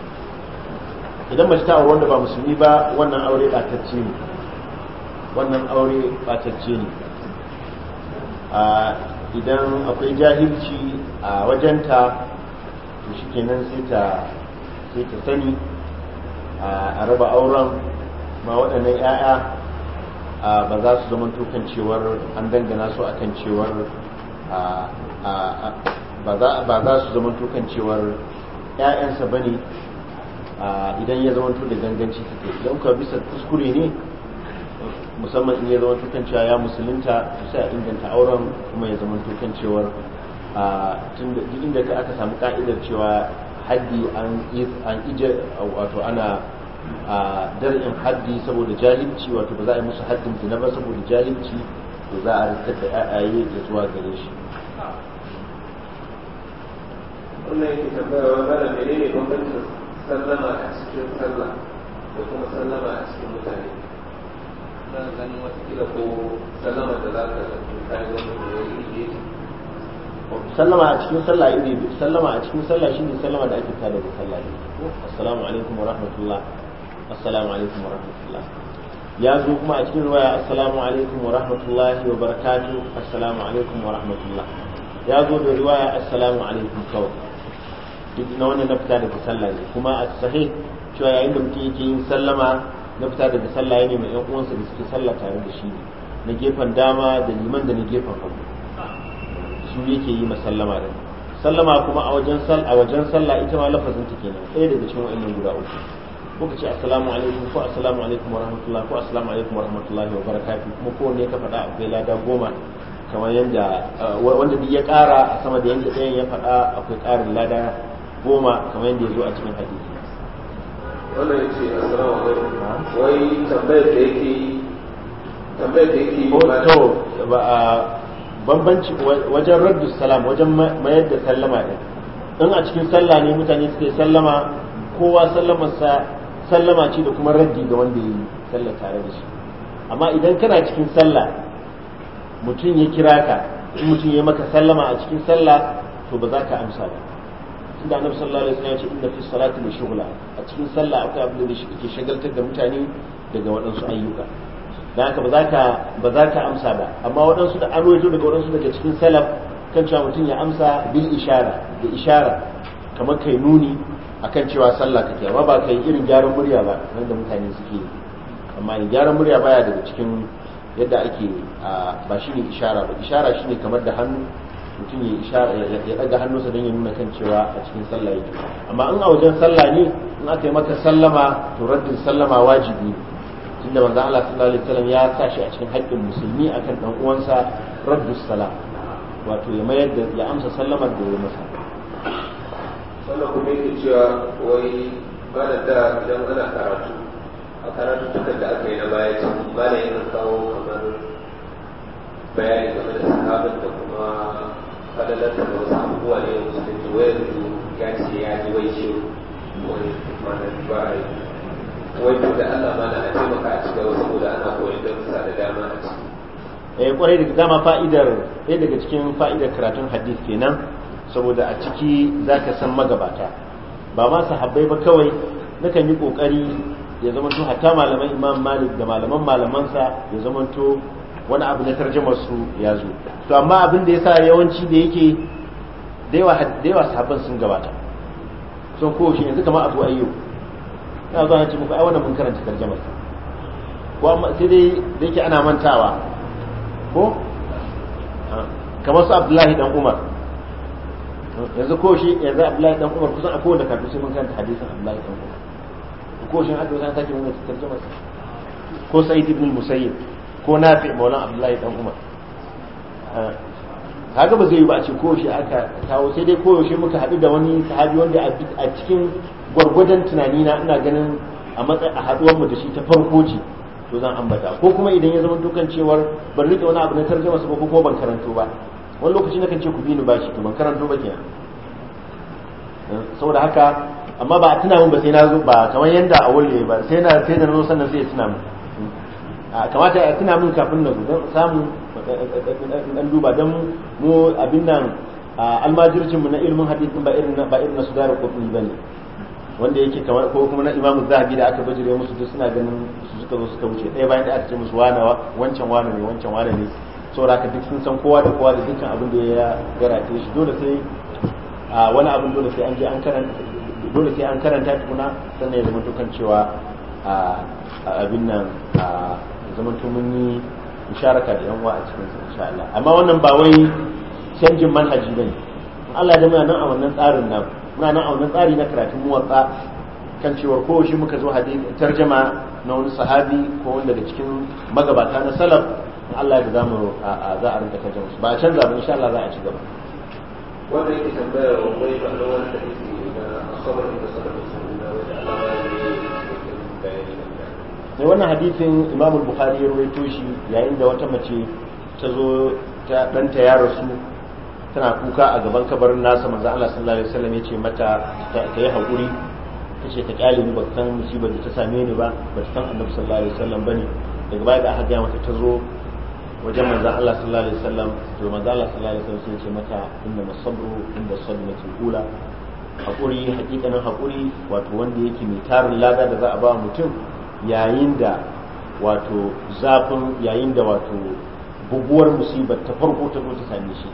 idan mace ta wanda ba musulmi ba wannan aure batacce ne wannan aure batacce ne idan akwai jahilci a wajenta to shikenan sai ta sai ta sani a raba auren ma waɗannan 'ya'ya ba za su zama tukan cewar an dangana su akan cewar ba za su zama tukan cewar 'ya'yansa ba ne idan ya zama da ganganci take idan ka bisa kuskure ne musamman in ya zama kan cewa ya musulunta sai a inganta auren kuma ya zama kan cewar tun da aka samu ka'idar cewa haddi an ije wato ana dar'in haddi saboda jahilci wato ba za a yi musu haddin zina ba saboda jahilci to za a rikar da ayaye da zuwa gare shi wannan yake tambaya wa mara ne bambancin sallama a cikin sallah da kuma sallama a cikin mutane nan ganin watakila ko sallama da za ka zanto ta yi wani wani ne sallama a cikin sallah iri sallama a cikin sallah shine sallama da ake tada sallah assalamu alaikum wa rahmatullah assalamu alaikum wa rahmatullah ya zo kuma a cikin ruwaya assalamu alaikum wa rahmatullahi wa barakatuh assalamu alaikum wa rahmatullah ya zo da ruwaya assalamu alaikum kawai duk na wannan na fita daga sallah ne kuma a sahih cewa yayin da mutum yake yin sallama na fita daga sallah ne mai yan uwansa da suke sallah tare da shi ne na gefen dama da liman da na gefen hagu su yake yi masallama da sallama kuma a wajen sal a wajen sallah ita ma lafazin ta kenan ɗaya daga cikin wa'annan guda uku ko ka ce assalamu alaikum ko assalamu alaikum warahmatullahi ko assalamu alaikum warahmatullahi wabarakatuh kuma kowanne ka faɗa akwai lada goma kamar yadda uh, wanda duk ya ƙara a sama da yadda ɗayan ya faɗa akwai ƙarin lada goma kamar yadda ya zo a cikin hadisi wannan ya ce assalamu alaikum wai tambayar da yake tambayar da yake oh, to ba a bambanci wajen raddu salam wajen mayar da sallama ɗin in a cikin sallah ne mutane suke sallama kowa sallamarsa sallama ce da kuma raddi ga wanda ya yi sallah tare da shi amma idan kana cikin sallah mutum ya kira ka in mutum ya maka sallama a cikin sallah to ba za ka amsa ba inda annabi sallallahu alaihi wasallam ya ce inna fi salati shughla a cikin sallah akwai abin da ke shagaltar da mutane daga waɗansu ayyuka dan haka ba za ka ba za ka amsa ba amma waɗansu da an waito daga waɗansu daga cikin salaf kan cewa mutum ya amsa bil ishara da ishara kamar kai nuni akan cewa sallah kake amma ba kai irin gyaran murya ba nan da mutane suke amma gyaran murya baya daga cikin yadda ake ba shi ne ishara ba ishara shine kamar da hannu mutum ya daga hannunsa don ya nuna kan cewa a cikin sallah yake amma in a wajen sallah ne in aka yi maka sallama to raddin sallama wajibi tunda manzon Allah sallallahu alaihi wasallam ya sa shi a cikin haƙƙin musulmi akan dan uwansa raddus salam wato ya mayar da ya amsa sallamar da ya masa sannan kuma yake cewa wai bana da idan ana karatu a karatu dukkan da aka yi na baya ce bana yin kawo kamar bayani game da sahabin da kuma fadalarsa da wasu abubuwa ne da musulunci wayar su ya ce ya ji wai ce wani manar ba a yi wai ko da Allah mana a taimaka a ci gaba saboda ana koyon darussa da dama a ciki eh kwarai da dama fa'idar ɗaya daga cikin fa'idar karatun hadith kenan saboda a ciki za ka san magabata ba ma sahabbai ba kawai nakan yi ƙoƙari ya zamanto hatta malaman imam malik da malaman malamansa ya zamanto wani abu na tarjumar su ya zo to amma abin da yasa yawanci da yake da yawa da yawa sahabban sun gabata sun ko shi yanzu kamar Abu Ayyub na zuwa ci muku ai wannan mun karanta tarjumar sa ko amma sai dai da yake ana mantawa ko kamar su Abdullahi dan Umar yanzu ko shi yanzu Abdullahi dan Umar kusan a kowane kafin sai mun karanta hadisin Abdullahi dan Umar ko shi haka sai an sake mun tarjumar sa ko Sa'id ibn Musayyib ko na fi maulan abdullahi dan umar eh, kaga ba zai yi ba a ce ko shi aka kawo sai dai shi muka haɗu da wani sahabi wanda a cikin gwargwadon tunani na ina ganin a matsayin a haɗuwar mu da shi ta farko ce to zan ambata ko kuma idan ya zama dukan cewar ban rike wani abu na tarjuma su ko ban karanto ba wani lokaci na kan ce ku bi ni shi, to ban karanto ba kenan eh, saboda haka amma ba a tuna min ba sai na zo ba kamar yadda a wulle ba sai na sai da na zo sannan sai ya tuna min. kamata a tuna mun kafin na zo don samu dan duba don mu abin nan mu na ilimin hadisin ba irin ba irin na su ko kofi ba ne wanda yake kamar ko kuma na imamu zahabi da aka bajire musu duk suna ganin su suka zo suka wuce ɗaya bayan da aka ce musu wana wancan wana ne wancan wana ne saboda haka duk sun san kowa da kowa da dukkan abin da ya garace shi dole sai wani abin dole sai an je an karanta dole sai an karanta tukuna sannan ya zama dukan cewa abin nan zaman to mun yi musharaka da yanwa a cikin insha Allah amma wannan ba wai canjin manhaji bane Allah da muna nan a wannan tsarin nan muna nan a wannan tsari na karatun muwatsa kan cewar ko shi muka zo hadisi tarjama na wani sahabi ko wanda daga cikin magabata na salaf Allah ya za mu za a rinka tarjuma ba a canza ba insha Allah za a ci gaba wanda yake tambaya wa mai kallon wani hadisi da asabar da sabar da sabar da Allah ya yi bayani sai wannan hadisin imam bukhari ya rubuto shi yayin da wata mace ta zo ta danta ya rasu tana kuka a gaban kabarin nasa manzo Allah sallallahu alaihi wasallam yace mata ta yi hakuri tace ta kyale ni ba san musibar da ta same ni ba ba san annabi sallallahu alaihi wasallam bane daga baya da aka ga mata ta zo wajen manzo Allah sallallahu alaihi wasallam to manzo Allah sallallahu alaihi wasallam yace mata inna masabru inda sabmatu ula hakuri hakikanin hakuri wato wanda yake mai tarin lada da za a ba mutum yayin da wato zafin yayin da wato buguwar musibar ta farko ta zo ta same shi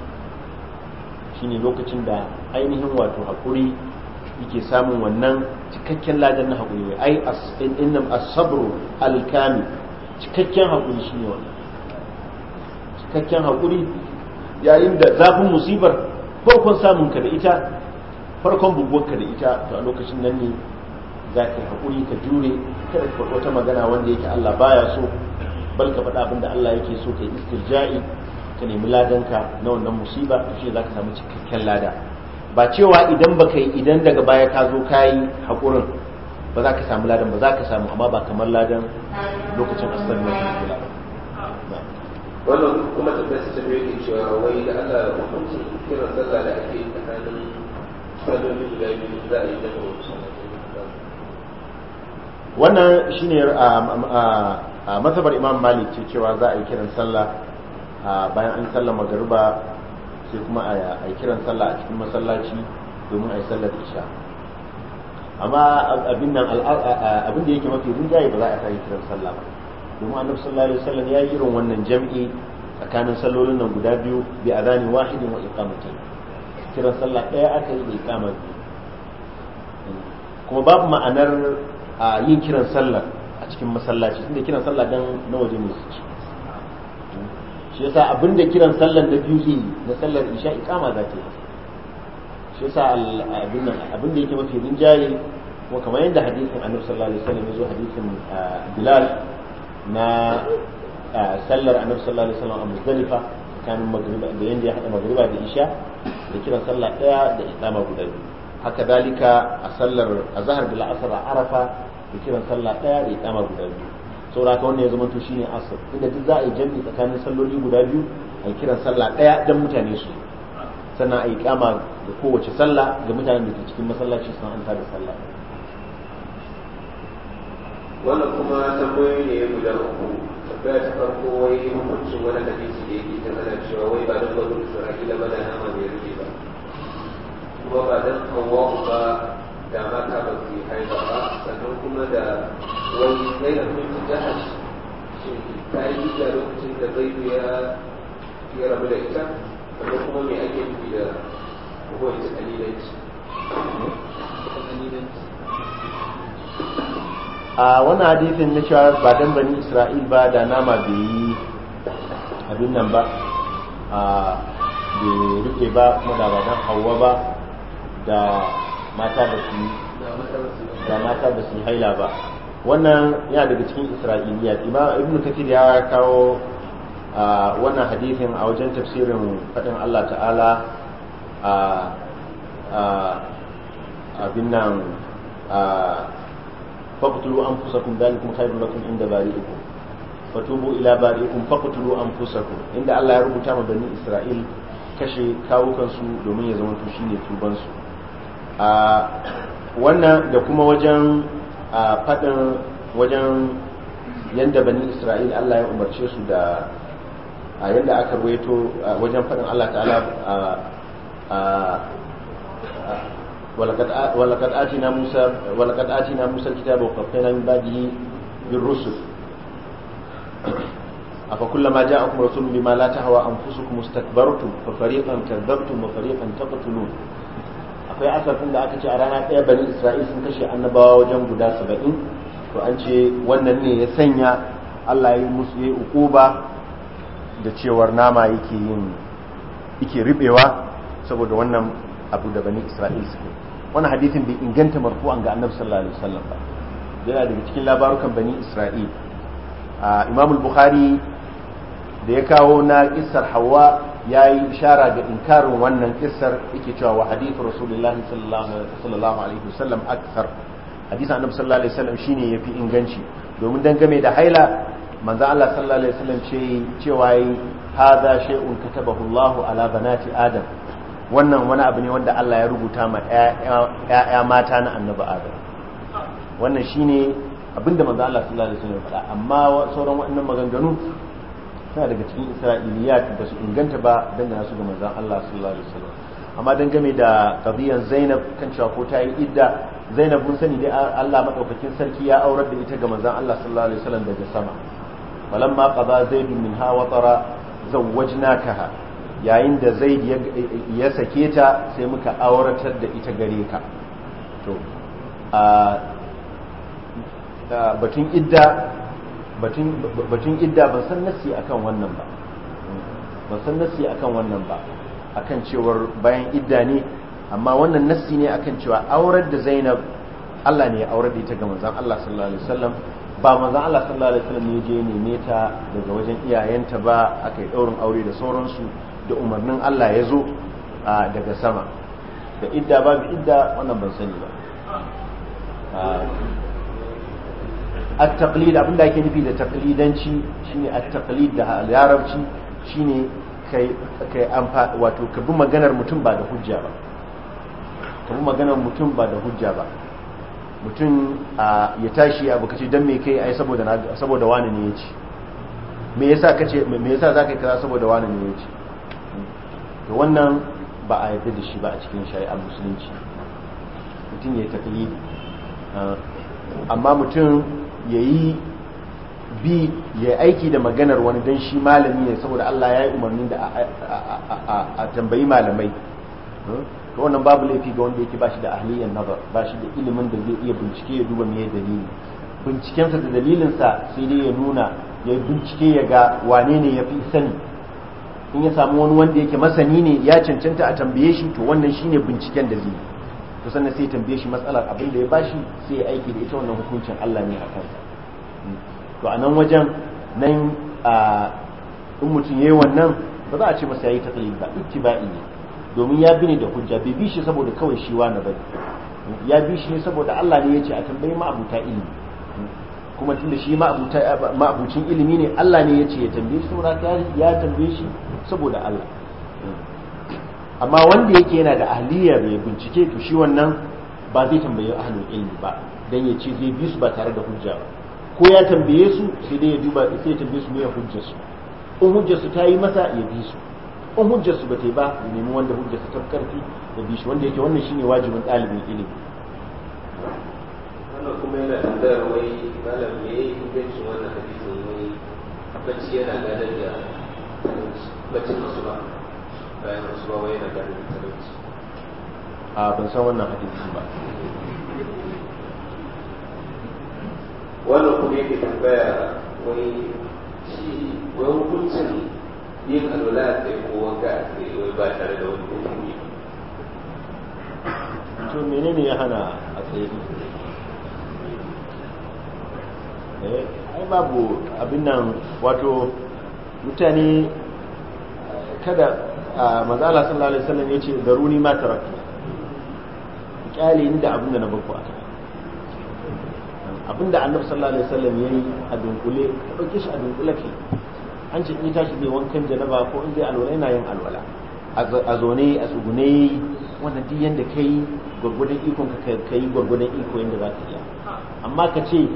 shine lokacin da ainihin wato hakuri yake samun wannan cikakken ladan na hakuri ai innam as-sabru al-kamil cikakken hakuri shine wannan cikakken hakuri yayin da zafin musibar farkon samun ka da ita farkon buguwar ka da ita to a lokacin nan ne za ka haƙuri ka jure kada ka wata magana wanda yake Allah baya so bal ka faɗa abin da Allah yake so ka yi istirja'i ka nemi ladanka na wannan musiba da shi za ka samu cikakken lada ba cewa idan ba yi idan daga baya ka zo ka yi haƙurin ba za ka samu ladan ba za ka samu amma ba kamar ladan lokacin asabar mai kula wannan kuma tabbas ta bai yake cewa wai da Allah hukunci kiran sallah da ake tsakanin sallolin da biyu za a yi da wannan shine a um, um, uh, uh, matabar imam malik ce cewa za a yi kiran sallah uh, bayan an sallah magariba sai kuma a yi kiran sallah a cikin masallaci domin a yi sallar isha amma abin nan abin da yake mafi rinjaye ba za a yi kiran sallah ba domin annabi sallallahu alaihi wasallam ya yi irin wannan jam'i tsakanin sallolin nan guda biyu bi adani wahidin wa iqamatin kiran sallah daya aka yi da iqama biyu kuma babu ma'anar a yin kiran sallar a cikin masallaci inda kiran sallah dan na waje ne shi yasa abinda kiran sallar da biyu ke na sallar isha ikama za ta yi shi yasa abin nan abinda yake mafi rinjaye kuma kamar yadda hadisin annabi sallallahu alaihi wasallam yazo hadisin bilal na sallar annabi sallallahu alaihi wasallam a muzdalifa tsakanin magriba da yanda ya hada magriba da isha da kiran sallah daya da iqama guda biyu haka dalika a sallar azhar da la'asar a arafa da kiran sallah daya da ikama guda biyu saboda ka wannan ya zama to shine asr inda duk za a yi jami'i tsakanin salloli guda biyu a kiran sallah daya dan mutane su sannan a kama da kowace sallah ga mutanen da ke cikin masallaci sun an da sallah wannan kuma tambayoyi ne guda uku tambaya ta farko wai hukuncin wani hadisi da yake ta cewa wai ba da gwamnati sarari da nama bai rike ba kuma ba dan hawa'u ba da mata ba su yi haiba ba sannan kuma da wani zai da mutum jihar shi ta yi da lokacin da zai ya ya rabu da ita sannan kuma me ake nufi da hukunci kalilanci a wannan hadisin na cewa ba dan bani isra'il ba da nama bai yi abin nan ba a bai rufe ba kuma da ba dan hawa ba da mata ba su da mata ba su haila ba wannan yana daga cikin isra'iliya ibn kathir ya kawo wannan hadithin a wajen tafsirin faɗin Allah ta'ala a abin nan faqtulu anfusakum dhalikum khairun lakum inda bari'ikum fatubu ila bari'ikum faqtulu anfusakum inda Allah ya rubuta ma bani Isra'il kashe kawukansu domin ya zama to shine tubansu su a wannan da kuma wajen faɗin wajen yadda bani isra'il allah ya umarce su yadda aka ruweto wajen faɗin allah ta'ala a walakat ati na musa kitabu kafin nan baji bin rusul a fakulla ma ja'akum rasulun bima la tahwa anfusukum mustakbartum fa fariqan kadhabtum wa fariqan taqtulun akwai asasin da aka ce a rana ɗaya bani isra'il sun kashe annabawa wajen guda saba'in to an ce wannan ne ya sanya allah ya yi musu ya ukuba da cewar nama yake yin yake ribewa saboda wannan abu da bani isra'il suke wannan hadithin bai inganta marfu'an ga annabi sallallahu alaihi wasallam ba yana daga cikin labarukan bani isra'il ah, imam bukhari da ya kawo na kissar hawa ya yi ishara da inkarin wannan kissar yake cewa wa hadithu rasulullahi sallallahu alaihi wasallam akthar hadisi annabi sallallahu alaihi wasallam shine yafi inganci domin dangane da haila manzo Allah sallallahu alaihi wasallam ce cewa yi hadha shay'un katabahu Allah ala banati adam wannan wani abu ne wanda Allah ya rubuta ma ƴaƴa mata na annabi adam wannan shine abinda manzo Allah sallallahu alaihi wasallam faɗa amma sauran wannan maganganu suna daga cikin isra'iliyat basu su inganta ba dangana su ga manzon Allah sallallahu alaihi wasallam amma dangane da qadiyan Zainab kan cewa ko ta yi idda Zainab mun sani dai Allah madaukakin sarki ya aurar da ita ga manzon Allah sallallahu alaihi wasallam daga sama falamma qada zaid minha wa tara zawwajnakaha yayin da zaid ya sake ta sai muka auratar da ita gare ka to a batun idda batun idda ban san nasi akan wannan ba ban san nasi akan wannan ba akan cewar bayan idda ne amma wannan nasi ne akan cewa aurar da Zainab Allah ne ya aurar da ita ga manzon Allah sallallahu alaihi wasallam ba manzon Allah sallallahu alaihi wasallam ne je neme ta daga wajen iyayenta ba aka yi daurin aure da sauransu da umarnin Allah ya zo daga sama da idda ba idda wannan ban sani ba التقليد abin da ake nufi da taqlidanci shine at-taqlid da larabci shine kai kai amfa wato ka bi maganar mutum ba da hujja ba ka bi maganar mutum ba da hujja ba mutum ya tashi abu kace dan me kai ai saboda saboda wani ne yace me yasa kace me yasa zaka kaza saboda wani ne yace to wannan ba a yi da shi ba a cikin shari'ar musulunci mutum ya taklidi amma mutum ya yi bi ya aiki da maganar wani don shi malami ne saboda Allah ya yi umarni da a tambayi malamai hmm? to wannan babu laifi ga wanda yake bashi da ahliyyar nazar bashi da ilimin da zai iya bincike ya duba me dalili bincikensa da dalilinsa sai dai ya nuna ya bincike ya ga wane ne ya fi sani in ya samu wani wanda yake masani ne ya cancanta a tambaye shi to wannan shine binciken da zai yi to sannan sai tambaye shi matsalar abin da ya bashi sai ya aiki da ita wannan hukuncin Allah ne a kansa to a nan wajen nan a in mutum yayi wannan ba za a ce masa yayi taqlid ba ittiba'i ne domin ya bi ne da hujja bai bi shi saboda kawai shi wani ba ya bi shi ne saboda Allah ne ya ce a tambayi ma'abuta ilimi kuma tunda shi ma'abucin ilimi ne Allah ne ya ce ya tambaye shi saboda ya tambaye shi saboda Allah amma wanda yake yana da ahliya bai bincike to shi wannan ba zai tambayi ahlul ilmi ba dan ya ce zai bi su ba tare da hujja ba ko ya tambaye su sai dai ya duba sai ya tambaye su me hujjar su in hujjar su ta yi masa ya bi su in hujjar su ba ta yi ba ya nemi wanda hujjar su ta karfi ya bi shi wanda yake wannan shine wajibin ɗalibin ilimi wannan kuma yana tambayar wai malam me yayi hukuncin wannan hadisin wai bacci yana gadar da bacci masu ba a ban san wannan hadisi ba wannan kuma yake tambaya wai shi wai hukuncin yin alwala a tsaye ko wanka a tsaye wai ba tare da wani hukumi to menene ya hana a tsaye eh ai babu abin nan wato mutane kada mazala sallallahu alaihi wasallam yace daruni ma taraktu kyale ni da abinda na bakwa aka abinda annabi sallallahu alaihi wasallam yayi a dunkule ka dauke shi a dunkule kai an ce in tashi zai wankan janaba ko in zai alwala yana yin alwala a zone a tsugune wannan duk yanda kai gwargwadon ikon ka kai gwargwadon iko yanda za ka iya amma ka ce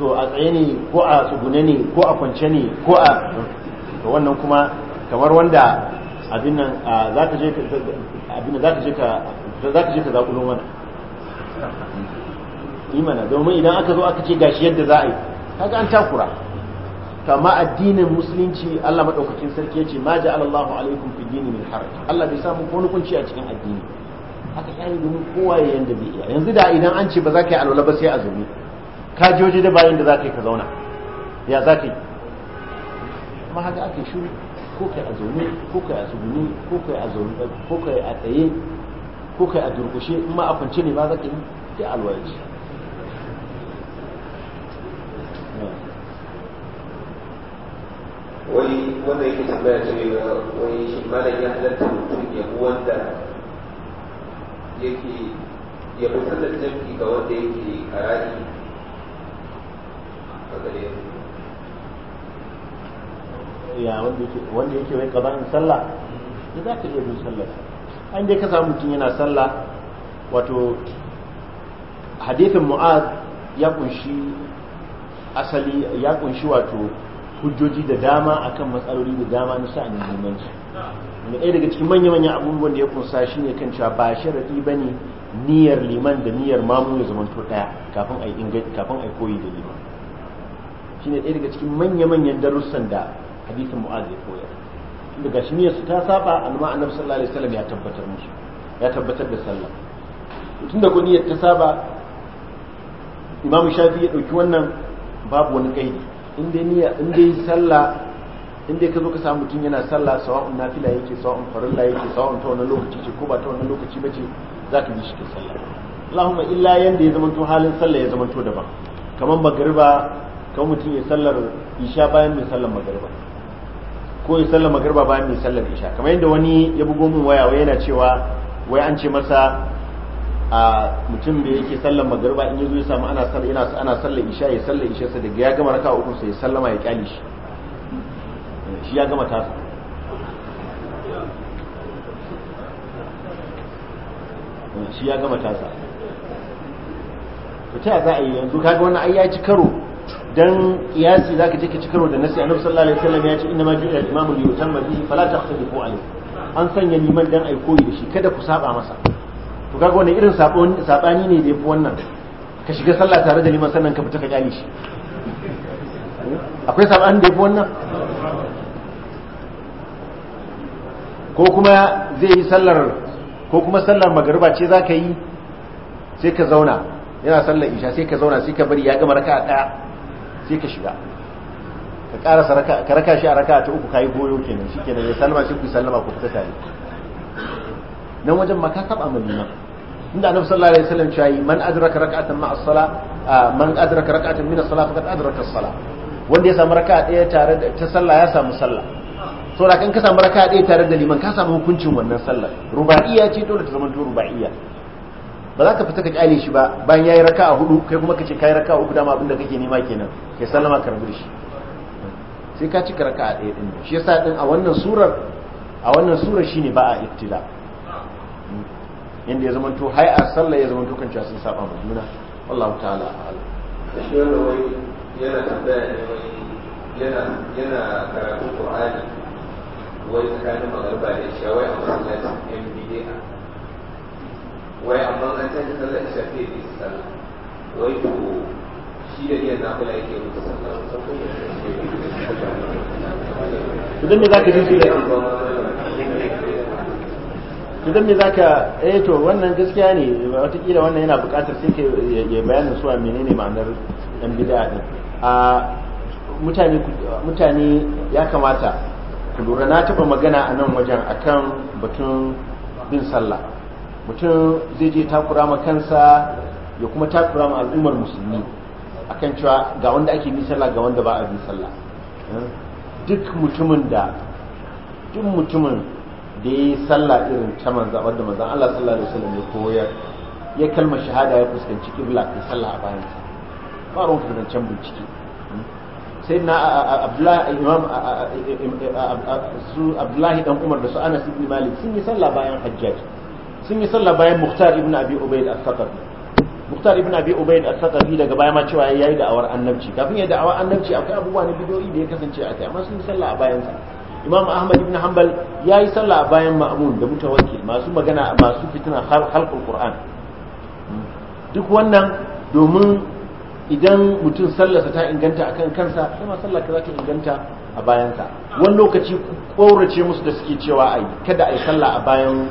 to a tsaye ne ko a tsugune ne ko a kwance ne ko a wannan kuma kamar wanda abin nan za ta je abin za ta je ka za ta je ka zakulo mana imana domin idan aka zo aka ce gashi yadda za a yi kaga an takura to amma addinin musulunci Allah madaukakin sarki yace ma ja'ala Allahu alaikum fi dini min haraj Allah bai samu ko hukunci a cikin addini haka yayi domin kowa ya yanda bai iya yanzu da idan an ce ba za ka yi alwala ba sai azumi ka je waje da bayan da za ka yi ka zauna ya za ka yi amma haka ake shiru ko kai a zaune ko kai a tsuguni ko kai a zaune ko kai a tsaye ko kai a durkushe in ma a kwance ne ba za ka yi da alwaji Wani wanda yake tambaya ce wai shi malam ya halatta mutum ya wanda yake ya fi sallar jam'i ga wanda yake a ra'ayi a gare ya wanda yake wai kaza in salla sallah da za ka iya bin sallar an dai ka samu mutum yana sallah wato hadithin mu'ad ya kunshi asali ya kunshi wato hujjoji da dama akan matsaloli da dama na neman limanci wanda ɗaya daga cikin manya-manyan abubuwan da ya kunsa shi ne kan cewa ba sharaɗi ba ne niyyar liman da niyyar mamu ya to ɗaya kafin a yi koyi da liman shi ne ɗaya daga cikin manya-manyan darussan da hadisin mu'az ya koyar tunda gashi niyyar su ta saba amma annabi sallallahu alaihi wasallam ya tabbatar musu ya tabbatar da sallah tunda ko niyyar ta saba imam shafi ya dauki wannan babu wani kaidi indai niyya in dai sallah in ka zo ka samu mutum yana sallah sawa'un nafila yake sawa'un farilla yake sawa'un ta wani lokaci ce ko ba ta wani lokaci bace za ka bi shi sallah Allahumma illa yanda ya zamanto halin sallah ya zamanto daban kamar magariba kamar mutum ya sallar isha bayan mai sallar magariba ko in sallar magarba bayan mai sallar isha kamar yadda wani ya bugo min waya wai yana cewa wai an ce masa a mutum da yake sallar magarba in yazo ya samu ana sallar yana ana sallar isha ya sallar isha sa daga ya gama raka uku sai ya sallama ya kyale shi shi ya gama tasa shi ya gama tasa to ta za a yi yanzu kaga wannan ai ya ci karo dan kiyasi zaka je ka cikaro da nasi annabi sallallahu alaihi wasallam ya ce inna ma ju'ila imamu li yutamma bihi fala ko alayhi an sanya liman dan ai koyi da shi kada ku saba masa to kaga wannan irin sabani ne da yafi wannan ka shiga sallah tare da liman sannan ka fita ka gane shi akwai sabani da yafi wannan ko kuma zai yi sallar ko kuma sallar magariba ce zaka yi sai ka zauna yana sallar isha sai ka zauna sai ka bari ya gama raka'a daya sai ka shiga ka karasa raka ka raka shi a raka ta uku kai goyo kenan shikenan ya salama shi ku sallama ku fita tare nan wajen maka ka saba ma inda annabi sallallahu alaihi wasallam ya yi man adraka raka'atan ma'a as-sala man adraka raka'atan min as-sala faqad adraka as-sala wanda ya samu raka daya tare da ta sallah ya samu sallah da kan ka samu raka daya tare da liman ka samu hukuncin wannan sallah rubaiya ce dole ta zama to rubaiya ba za ka fita ka kyale shi ba bayan yayi a hudu kai kuma ka ce kai a uku dama abinda kake nema kenan kai sallama ka rubu da shi sai ka cika raka a ɗaya din shi yasa din a wannan surar a wannan surar shine ba a ittila inda ya zamanto a sallah ya zamanto kan cewa sun saba ma juna wallahu ta'ala a'lam shi yana tambaya ne wai yana yana karatun qur'ani wai tsakanin magariba da isha wai a masallaci yan bid'a wai amma an canza sallar isha fiye da su sallah wai to shi da yin na nafila yake musu sallah idan kuma to dan me zaka ji shi to dan me zaka eh to wannan gaskiya ne watakila wannan yana buƙatar sai ka ya bayanin su a menene ma'anar dan bid'a din a mutane mutane ya kamata ku lura na taba magana a nan wajen akan batun bin sallah mutum zai je takura ma kansa ya kuma takura ma al'ummar musulmi akan cewa ga wanda ake bi sallah ga wanda ba a bi sallah duk mutumin da duk mutumin da ya yi sallah irin ta manzan wadda manzan Allah sallah da sallah ya koyar ya kalma shahada ya fuskanci kibla ya sallah a bayan sa ba ruwan fuskancan bincike sai na abdullahi dan umar da su anas ibn malik sun yi sallah bayan hajjaji sun yi sallah bayan Muktar ibn Abi ubaid al sakar Muktar ibn Abi ubaid al bi daga baya ma cewa ya yayi da'awar annabci kafin ya da'awar annabci akwai abubuwa na bidoyi da ya kasance a kai amma sun yi sallah a bayan sa Imam Ahmad ibn Hanbal yi sallah a bayan ma'amun da mutawakkil masu magana masu fitina halqul Qur'an duk wannan domin idan mutum sallarsa ta inganta akan kansa kuma sallar ka za ta inganta a bayansa wani lokaci ƙorace musu da suke cewa a kada a yi sallah a bayan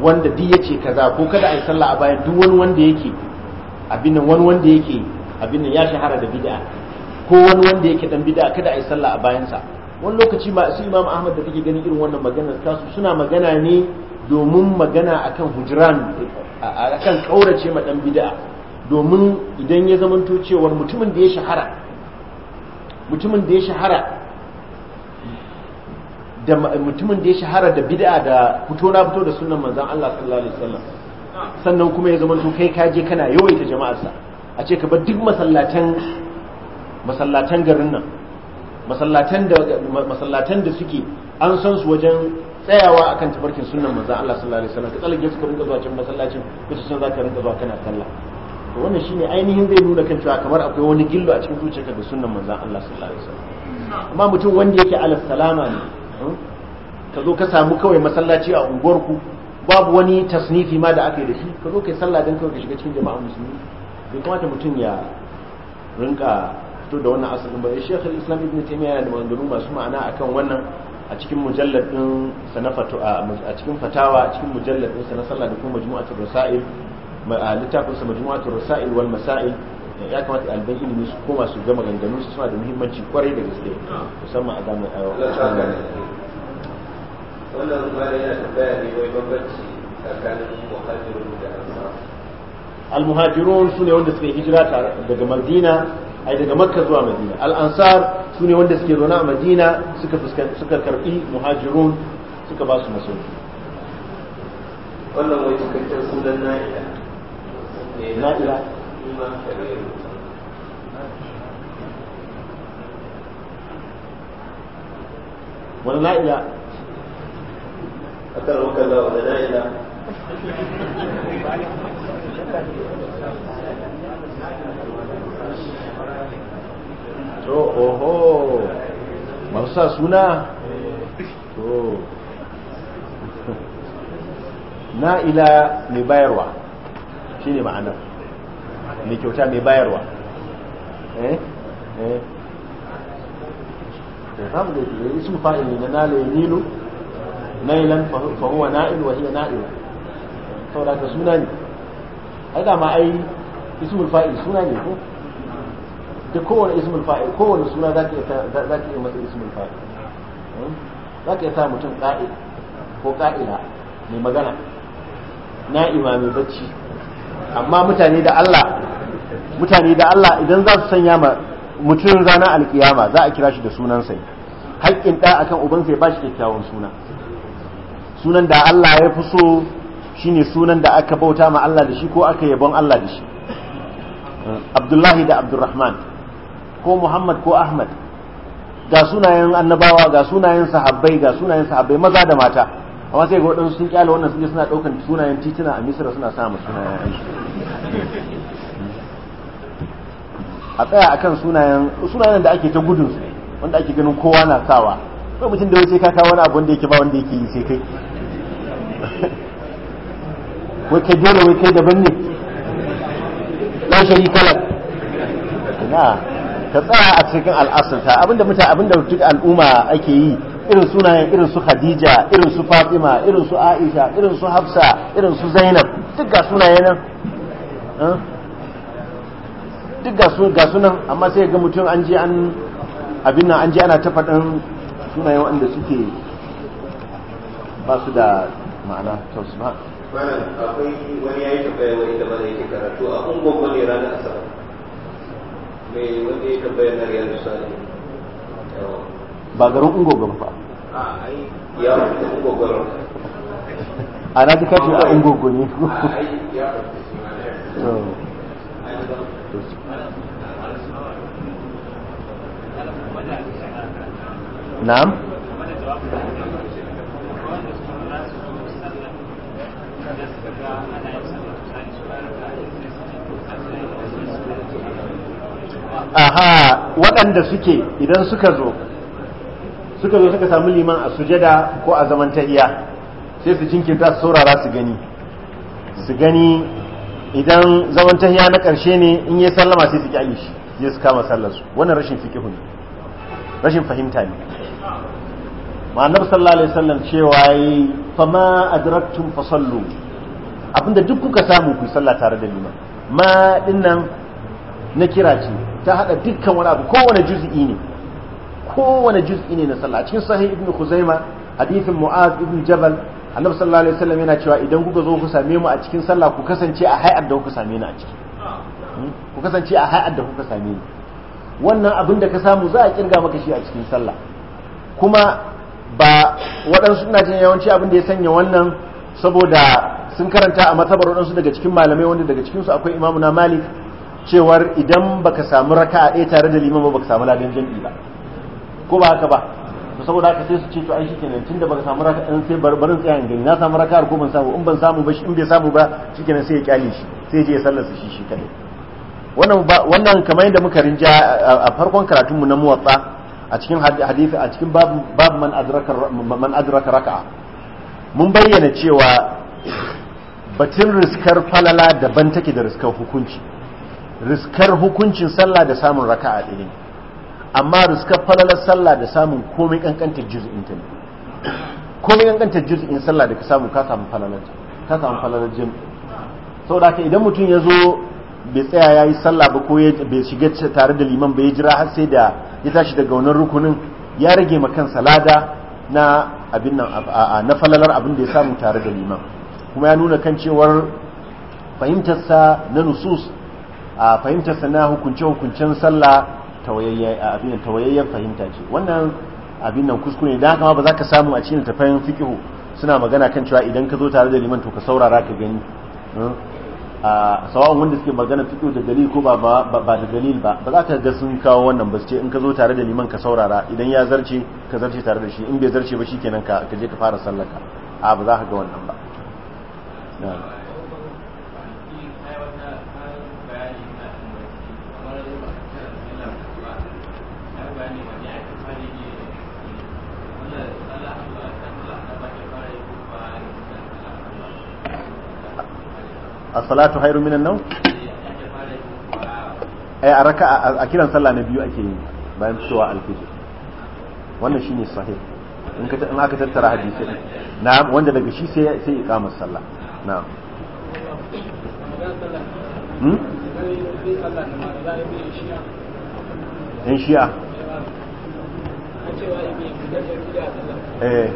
wanda duk yace kaza ko kada a sallah a bayan duk wani wanda yake abin nan wani wanda yake abin nan ya shahara da bid'a ko wani wanda yake dan bid'a kada a sallah a bayansa wani lokaci ma su imam ahmad da kake ganin irin wannan maganar tasu suna magana ne domin magana akan hujran akan kaurace ma dan bid'a domin idan ya zamanto cewa mutumin da ya shahara mutumin da ya shahara da mutumin da ya shahara da bid'a da fito na fito da sunan manzon Allah sallallahu alaihi wasallam sannan kuma ya zama to kai ka je kana yawaita jama'arsa a ce ka bar duk masallatan masallatan garin nan masallatan da masallatan da suke an san su wajen tsayawa akan tabarkin sunan manzon Allah sallallahu alaihi wasallam ka tsallake su ka rinka zuwa can masallacin kace san zaka rinka zuwa kana sallah to wannan shine ainihin zai nuna kan cewa kamar akwai wani gillo a cikin zuciyarka da sunan manzon Allah sallallahu alaihi wasallam amma mutum wanda yake alassalama ne ka zo ka samu kawai masallaci a unguwarku babu wani tasnifi ma da aka yi da shi ka zo kai sallah don kawai ka shiga cikin jama'a musulmi bai kamata mutum ya rinka fito da wannan asalin ba ya eh, shekh islam ibn taimiyya yana da maganganu masu ma'ana a kan wannan a cikin mujallar sana sanafatu a cikin fatawa a cikin mujallar ɗin sana sallah da kuma majmu'atul rasail littafin sa majmu'atul rasail wal masail ya kamata ɗaliban ilimi su koma su gama ganganu su suna da muhimmanci kwarai da gaske musamman a zamanin a wannan mara yana tambaya ne wai bambanci tsakanin muhajirun da ansar al-muhajirun ne wanda suka yi hijira daga madina ai daga makka zuwa madina al-ansar ne wanda suke zaune a madina suka fuskanci suka karbi muhajirun suka ba su masauki wannan wai cikakken sunan na'ila na'ila ولا لا إلى أكرمك لا إلى أوه مرسى سنة نائلة نبايروا شيني معناه mai kyauta mai bayarwa eh eh, eh babu da yake eh, ismu fa'ili na nala nilo nailan fa huwa na'il wa hiya na'il saboda ka suna ne ai da ma ai ismul fa'il suna ne ko da kowane ismul fa'il kowane suna za ka yi masa ismul fa'il hmm? za ka iya sa mutum ƙa'il ko ƙa'ila mai magana na'ima mai bacci amma mutane da Allah mutane da Allah idan za su sanya ma mutum ranar alkiyama za a kira shi da sunan sai haƙƙin ɗa akan uban sai ba shi kyakkyawan suna sunan da Allah ya fi so shine sunan da aka bauta ma Allah da shi ko aka yabon Allah da shi Abdullahi da Abdurrahman ko Muhammad ko Ahmad ga sunayen annabawa ga sunayen sahabbai ga sunayen sahabbai maza da mata amma sai ga waɗansu sun kyale wannan sun suna ɗaukan sunayen tituna a misira suna samun sunayen aiki a tsaya akan sunayen sunayen da ake ta gudun su wanda ake ganin kowa na sawa ko mutum da wace ka kawo wani abu wanda yake ba wanda yake yi sai kai wai kai dole wai kai daban ne la sharika kalar na ka tsaya a cikin al'asarta abinda mutane abinda duk al'umma ake yi irin sunayen irin su Khadija irin su Fatima irin su Aisha irin su Hafsa irin su Zainab duk ga sunayen nan duk ga su ga sunan amma sai ga mutum an je an abin nan an je ana ta faɗin sunayen wanda suke ba su da ma'ana to su ba akwai wani yayi tabbaya wani da mana yake karatu a ungon wani ranar asabar me wanda ya tabbaya na riyar misali ba garin ungo ba a na duka ce a ungogo ne na'am aha waɗanda suke idan suka zo suka zo suka samu liman a sujada ko a zaman tahiya sai su jinkirta su saurara su gani su gani idan zaman tahiya na karshe ne in ya sallama sai su ki shi sai su kama sallar su wannan rashin fikihu ne rashin fahimta ne ma'anar sallallahu alaihi wasallam cewa yi ma adraktum fa sallu abinda duk kuka samu ku sallah tare da liman ma dinnan na kira ce ta hada dukkan wani abu kowane juzu'i ne kowane juz'i ne na sallah cikin sahih ibn khuzaima hadithin mu'az ibn jabal annabi sallallahu alaihi wasallam yana cewa idan kuka zo ku same mu a cikin sallah ku kasance a hay'ar da kuka same ni a ciki hmm? ku kasance a hay'ar da kuka same ni wannan abin da ka samu za a kirga maka shi a cikin sallah kuma ba waɗansu suna jin yawanci abin da ya sanya wannan saboda sun karanta a matsabar waɗansu daga cikin malamai wanda daga cikinsu akwai imamu na malik cewar idan baka samu raka'a ɗaya tare da liman ba baka samu ladan jam'i ba ko ba haka ba to saboda haka sai su ce to ai shikenan tunda baka samu raka in sai barbarin tsayan gani na samu raka ko ban samu in ban samu ba in bai samu ba shikenan sai ya kyale shi sai ya je ya sallarsa shi shi kadai wannan wannan kamar yadda muka rinja a farkon karatun mu na muwatta a cikin hadisi a cikin babu babu man adraka man adraka raka'a mun bayyana cewa batun riskar falala daban take da riskar hukunci riskar hukuncin sallah da samun raka'a ɗaya amma da suka falalar sallah da samun komai kankantar juz'in ta ne komai kankantar juz'in sallah da ka samu ka samu falalar ka samu falalar jin saboda ka idan mutum ya zo bai tsaya ya yi sallah ba ko bai shiga tare da liman bai jira har sai da ya tashi daga wani rukunin ya rage ma kan salada na na falalar abin da ya samu tare da liman kuma ya nuna kan cewar fahimtarsa na nusus a fahimtarsa na hukunce-hukuncen sallah tawayayyan fahimta ce wannan abin nan kuskure da haka ba za ka samu a cikin tafayin fikihu suna magana kan cewa idan ka zo tare da liman to ka saurara ka gani hmm? a sawa'un wanda suke magana fikihu da dalil ko ba da dalil ba ba za ka ga sun kawo wannan ba ce in ka zo tare da liman ka saurara idan ya zarce ka zarce tare da shi in bai zarce ba shikenan ka je ka fara sallaka a ba za ka ga wannan ba as-salatu khairu minan nawm ai eh, a raka a kiran sallah na biyu ake yi bayan fitowa alfijir wannan shine sahih in ka in aka tattara hadisi na wanda daga shi sai sai iqamar sallah hmm in shi'a eh.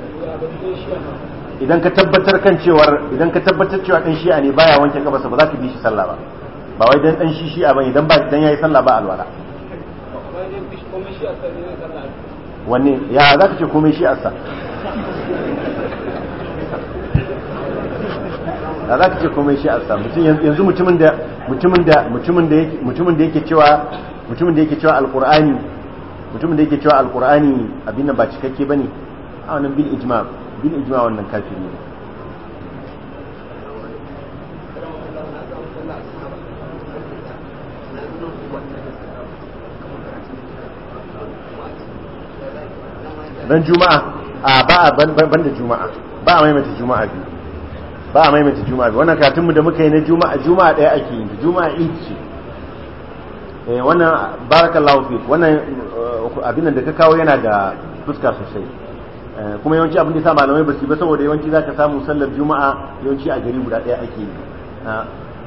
idan ka tabbatar kan cewar idan ka tabbatar cewa dan shi'a ne baya wanke gabasa ba za ka bi shi sallah ba ba wai dan dan shi shi'a bane dan ba dan yayi sallah ba alwala wanne ya za ka ce komai shi asa da za ka ce komai shi asa yanzu mutumin da mutumin da mutumin da yake mutumin da yake cewa mutumin da yake cewa alqur'ani mutumin da yake cewa alqur'ani abin nan ba cikakke bane a wannan bil ijma' bin ijma wannan kafiri ne ran juma'a a ba a ban da juma'a ba a maimaita juma'a biyu ba a maimaita juma'a biyu wannan katinmu da muka yi na juma'a juma'a ɗaya ake yi juma'a inci. eh wannan barakallahu fi wannan eh, abin da ka kawo yana da fuska sosai Eh, kuma yawanci abin da sa malamai ba su ba saboda yawanci za ka samu sallar juma'a yawanci a gari guda ɗaya ake yi eh,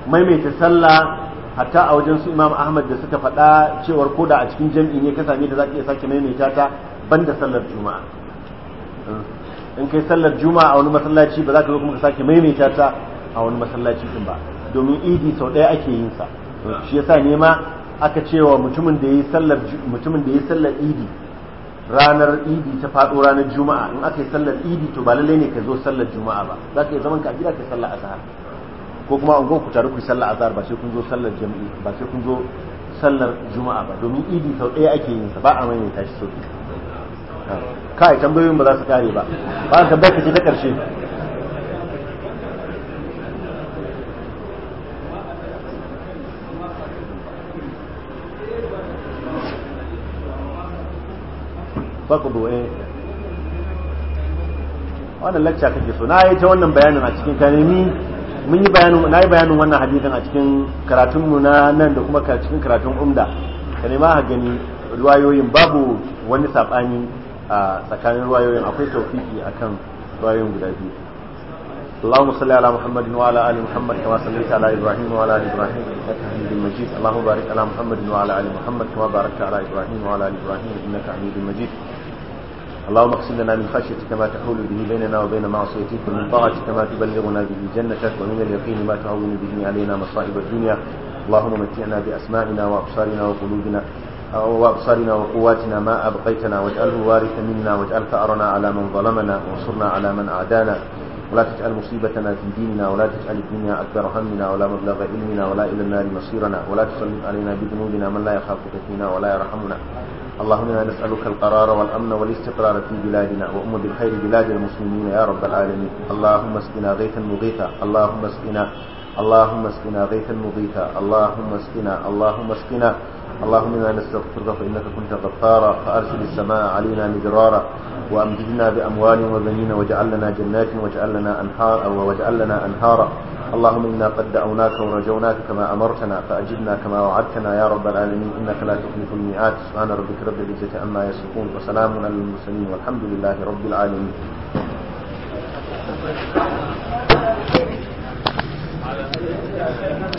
maimaita sallah hatta a wajen su imam ahmad da suka faɗa cewar koda a cikin jam'i ne ka same ta za ka iya sake maimaita ta banda sallar juma'a eh, in kai sallar juma'a a wani masallaci ba za ka zo kuma ka sake maimaita ta a wani masallaci din ba domin idi sau ɗaya ake yin sa shi yasa ne aka cewa mutumin da ya yi sallar mutumin da ya sallar idi ranar idi ta faɗo ranar juma'a in aka yi sallar idi to ba lalle ne ka zo sallar juma'a ba za ka yi zaman ka gida ka sallar azhar ko kuma an ku tare ku sallar azhar ba sai kun zo sallar jami'i ba sai kun zo sallar juma'a ba domin idi sau ɗaya ake yin sa ba a mai tashi sau kai tambayoyin ba za su kare ba ba tambayar ka ce ta ƙarshe faqdu eh wannan lecture kake so na yi ta wannan bayanin a cikin kanemi mun yi bayanin na yi bayanin wannan hadisin a cikin karatun mu na nan da kuma cikin karatun umda ka ha gani ruwayoyin babu wani sabani a tsakanin ruwayoyin akwai tawfiki akan ruwayoyin guda biyu اللهم صل على محمد وعلى ال محمد كما صليت على ابراهيم وعلى ال ابراهيم انك حميد مجيد اللهم بارك على محمد وعلى ال محمد كما باركت على ابراهيم وعلى ال ابراهيم انك حميد مجيد اللهم اقسم لنا من خشيتك ما تحول به بيننا وبين معصيتك ومن طاعتك ما تبلغنا به جنتك ومن اليقين ما تهون به علينا مصائب الدنيا اللهم متعنا بأسماعنا وأبصارنا وقلوبنا وأبصارنا وقواتنا ما أبقيتنا واجعله وارثا منا واجعل ثأرنا على من ظلمنا وانصرنا على من أعدانا ولا تجعل مصيبتنا في ديننا ولا تجعل الدنيا أكبر همنا ولا مبلغ علمنا ولا إلى النار مصيرنا ولا تسلط علينا بذنوبنا من لا يخافك فينا ولا يرحمنا اللهم إنا نسألك القرار والأمن والاستقرار في بلادنا وأم بالخير بلاد المسلمين يا رب العالمين اللهم اسقنا غيثا مغيثا اللهم اسقنا اللهم اسقنا غيثا مغيثا اللهم اسقنا اللهم اسقنا اللهم إنا نستغفرك فإنك كنت غفارا فأرسل السماء علينا مدرارا وأمددنا بأموال وبنين واجعل لنا جنات واجعل لنا أنهارا واجعل لنا أنهارا اللهم إنا قد دعوناك ورجوناك كما أمرتنا فأجبنا كما وعدتنا يا رب العالمين إنك لا تخلف الميعاد سبحان ربك رب العزة عما يصفون وسلام على المرسلين والحمد لله رب العالمين Thank you.